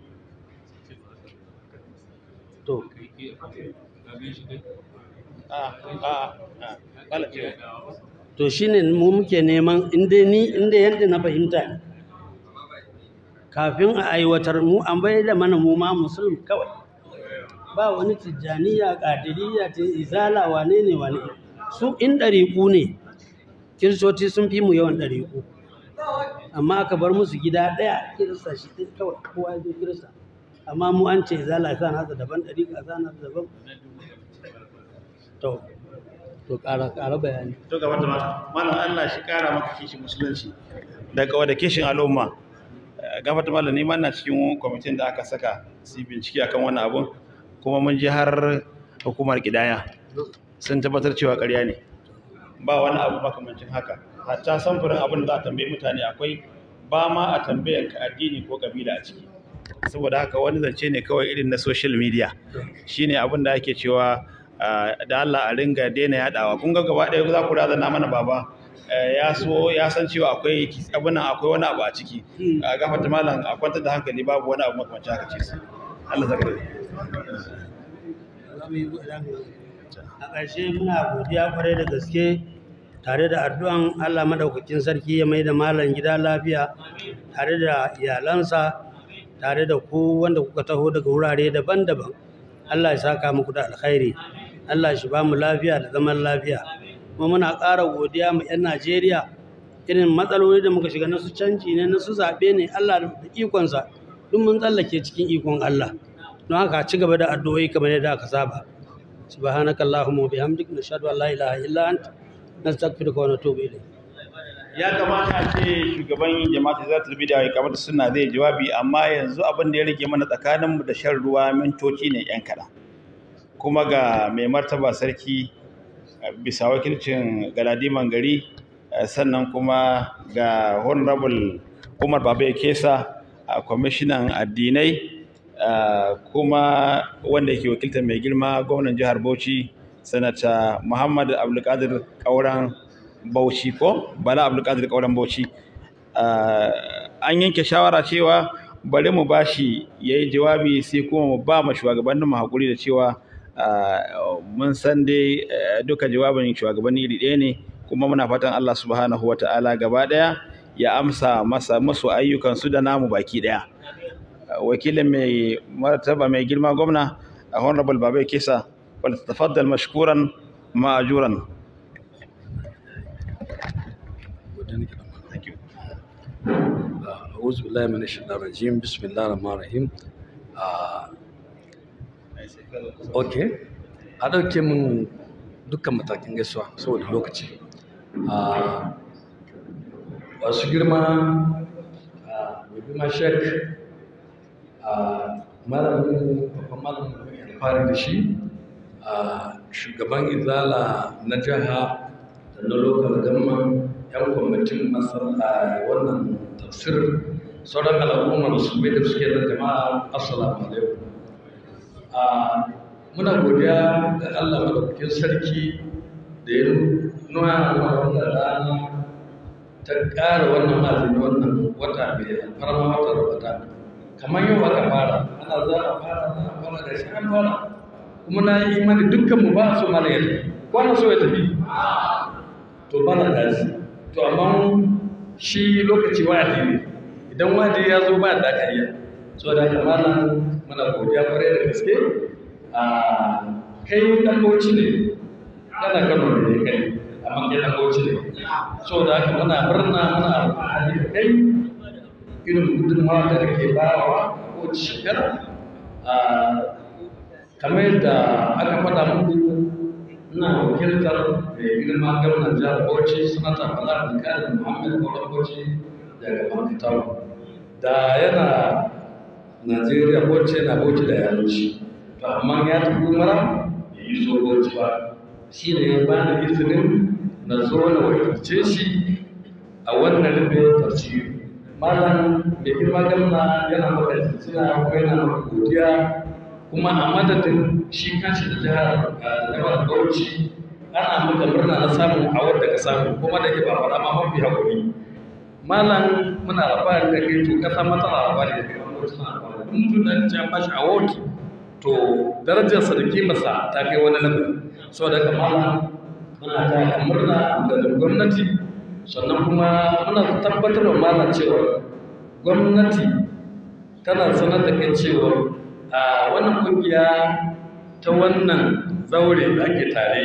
to shine mu muke neman inda ni inda yadda na fahimta kafin a aiwatar mu an bai da mana mu ma musulmi kawai ba wani tijjaniya ƙadiriyya ta izala wane ne wane su in ɗariƙu ne kiristoci sun fi mu yawan ɗariƙu amma aka bar musu gida ɗaya kirista shi kawai kowa ya kirsa kirista amma mu an ce izala sa nasa daban ɗariƙa sa nasa daban to ƙara ƙara bayani to gaba da malam Allah shi ƙara maka kishin musulunci da kawai da kishin al'umma gaba da malam ma na cikin kwamitin da aka saka su bincike akan wani abu? kuma mun ji har hukumar kidaya sun tabbatar cewa ƙarya ne ba wani abu makamancin haka hatta samfurin abin da za a tambayi mutane akwai ba ma a tambayar ka addini ko kabila a ciki saboda haka wani zance ne kawai irin na social media shine abin da ake cewa da Allah a ringa daina yadawa kun ga gaba ɗaya za ku razana mana baba eh, ya so ya san cewa akwai abin akwai wani abu a ciki hmm. a gafarta malam a kwantar da hankali babu wani abu makamancin haka ce su Allah zaka da a ƙarshe muna godiya kwarai da gaske tare da addu'an Allah madaukakin sarki ya mai da malam gida lafiya tare da iyalansa tare da ku wanda kuka taho daga wurare daban-daban Allah ya saka muku da alkhairi Allah shi ba mu lafiya da zaman lafiya kuma muna ƙara godiya mu 'yan Najeriya irin matsaloli da muka shiga na su canji ne na su zaɓe ne Allah da ikonsa duk mun tsallake cikin ikon Allah don haka ci gaba da addu'o'i kamar yadda aka saba subhanakallahumma wa bihamdik nashhadu an la ilaha illa anta nastaghfiruka wa natubu ilayk ya kamata a ce shugaban jama'a za ta bida kamar kamata suna zai jawabi amma yanzu abin da ya rage mana tsakaninmu da shan ruwa mintoci ne yan kaɗan kuma ga mai martaba sarki bisa wakilcin galadiman gari sannan kuma ga honorable umar baba kesa a kwamishinan addinai kuma wanda ke wakiltar mai girma gwamnan jihar bauchi sanata muhammad abdulkadir kauran bauchi ko bala abdulkadir kauran bauchi an yanke shawara cewa bari mu bashi ya yi jawabi sai kuma mu ba mu shugabannin mu haƙuri da cewa mun san dai e, duka jawabin shugabanni iri ɗaya ne kuma muna fatan Allah subhanahu wa ta'ala gaba ɗaya ya amsa masa masu ayyukansu da namu baki ɗaya wakilin mai martaba mai girma gwamna a honorable babai kisa wal tafaddal mashkuran ma'ajuran أعوذ بالله من الشيطان الرجيم بسم الله الرحمن الرحيم ok a ɗauke mun dukkan matakin gaisuwa saboda lokaci wasu ah, girma ah, mai girma shek ah, malamin babban malamin fara da shi shugaban izala na jiha da na lokal gamman yan kwamitin masar wannan tafsir sauran al'ummar musulmi da suke da jama'a assalamu alaikum muna godiya da Allah madaukakin sarki da ya nuna mana wannan rana ta ƙara wannan azumi wannan wata mai alfarma wata rubuta kamar yau aka fara ana za a fara za a fara da shi an fara kuma na yi imani dukkan mu ba su mana ya tafi ko na so ya tafi to ba da dace to amma shi lokaci wa'adi ne idan wa'adi ya zo ba da kariya so da kamar muna godiya kwarai da gaske kai dan bauchi ne kana kano ya kai amma kai dan ne so da haka muna murna muna alfahari da kai irin gudunmawa da kake bawa ko shigar kamar yadda aka faɗa muku ina wakiltar da girma gwamnan jihar bauchi sanata bala abdulkadir muhammad kauran bauchi daga banki da yana najeriya bauchi yana bauchi da yaranci to amma ya tafi mara ya yi zo bauchi ba shi ne ya ba ni izinin na zo na wakilce shi a wannan rufe tafsiri malam da girma gamna yana maka tsina kuma yana maka godiya kuma a madadin shi kanshi da jihar ah, jihar bauchi ana maka murna na samun awar da ka samu kuma da ke ba fara ma mafi haƙuri malam muna labarin da kai to kasa matsala labarin da kai wani in da can shi a woki to darajarsa da kimarsa ta kai wani lagu sau da kamar muna ta murna da gwamnati sannan kuma muna tabbatar da malam cewa gwamnati tana sanar da kai cewa a wannan kungiya ta wannan zaure da ake tare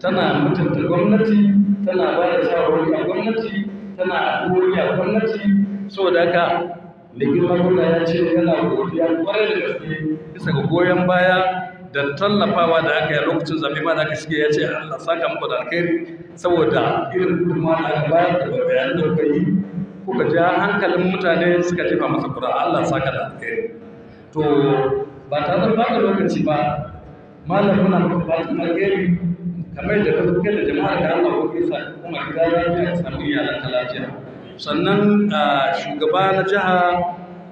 tana mutunta gwamnati tana ba da shawarwari a gwamnati tana a gwamnati saboda haka da girman Allah ya ce yana godiya kwarai da gaske bisa ga goyon baya da tallafawa da aka yi lokacin zafi ma da aka shige ya ce Allah saka muku da alkhairi saboda irin kuma da aka bayar da bayanan da kuka yi kuka ja hankalin mutane suka jefa masa kura Allah saka da alkhairi to ba tare da bada lokaci ba malam muna muku da alkhairi kamar da kuka da jama'a da Allah ko yi sa kuma gida ya samu iyalan lafiya sannan a shugaba na jiha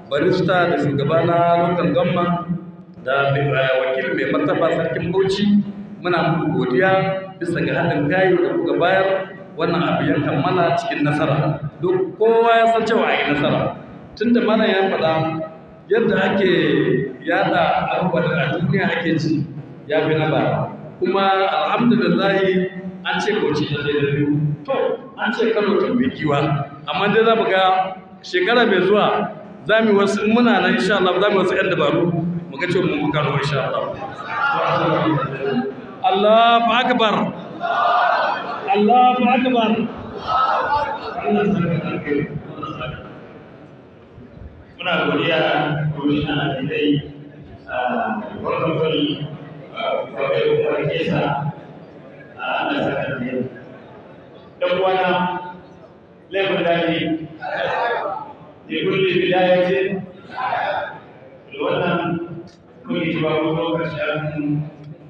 barista da shugaba na local government da wakil mai martaba sarkin bauchi muna muku godiya bisa ga haɗin kayi da kuka bayar wannan abu ya kammala cikin nasara duk kowa ya san cewa a yi nasara Tunda da mana ya faɗa yadda ake yada abubuwa da a duniya ake ci ya fi na bara kuma alhamdulillahi an ce bauchi ta da biyu to an ce kano tambayi kiwa amma dai za mu ga shekara mai zuwa za mu wasu muna nan insha Allah za mu wasu ƴan dabaru mu ga cewa mun ga karo insha Allah Allahu akbar Allahu akbar muna godiya komishina da dai wannan fari kwakwai kuma kesa a ana sakar da yau. Ɗan laifin daɗi da kulle bidayatin da wannan kuke ji ba kuma ƙarshen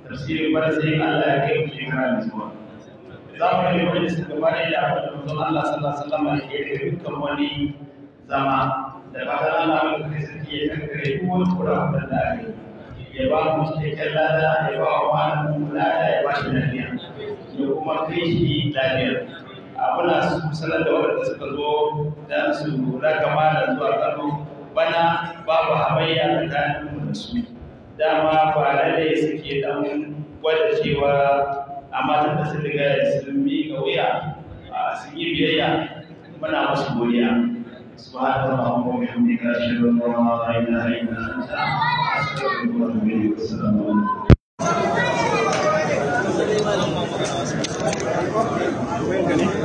tafsirin ba sai Allah ya kai shekara yi wani suka Allah sallallahu alaihi wasallam ya yi dukkan wani zama da ba ta Allah mai kai sarki ya kankare duk wani da ya ba mu cikakken lada ya ba wa lada ya ba shi ya kuma kai shi lafiya abuna su sanar da wadanda suka zo da su kama da zuwa kano bana babu hamayya tsakanin da su dama ba lalle suke dan gwada cewa a matan da sun riga sun ga wuya a sun yi biyayya muna musu godiya سبحانك اللهم وبحمدك اشهد ان لا اله الا انت استغفرك واتوب اليك والسلام عليكم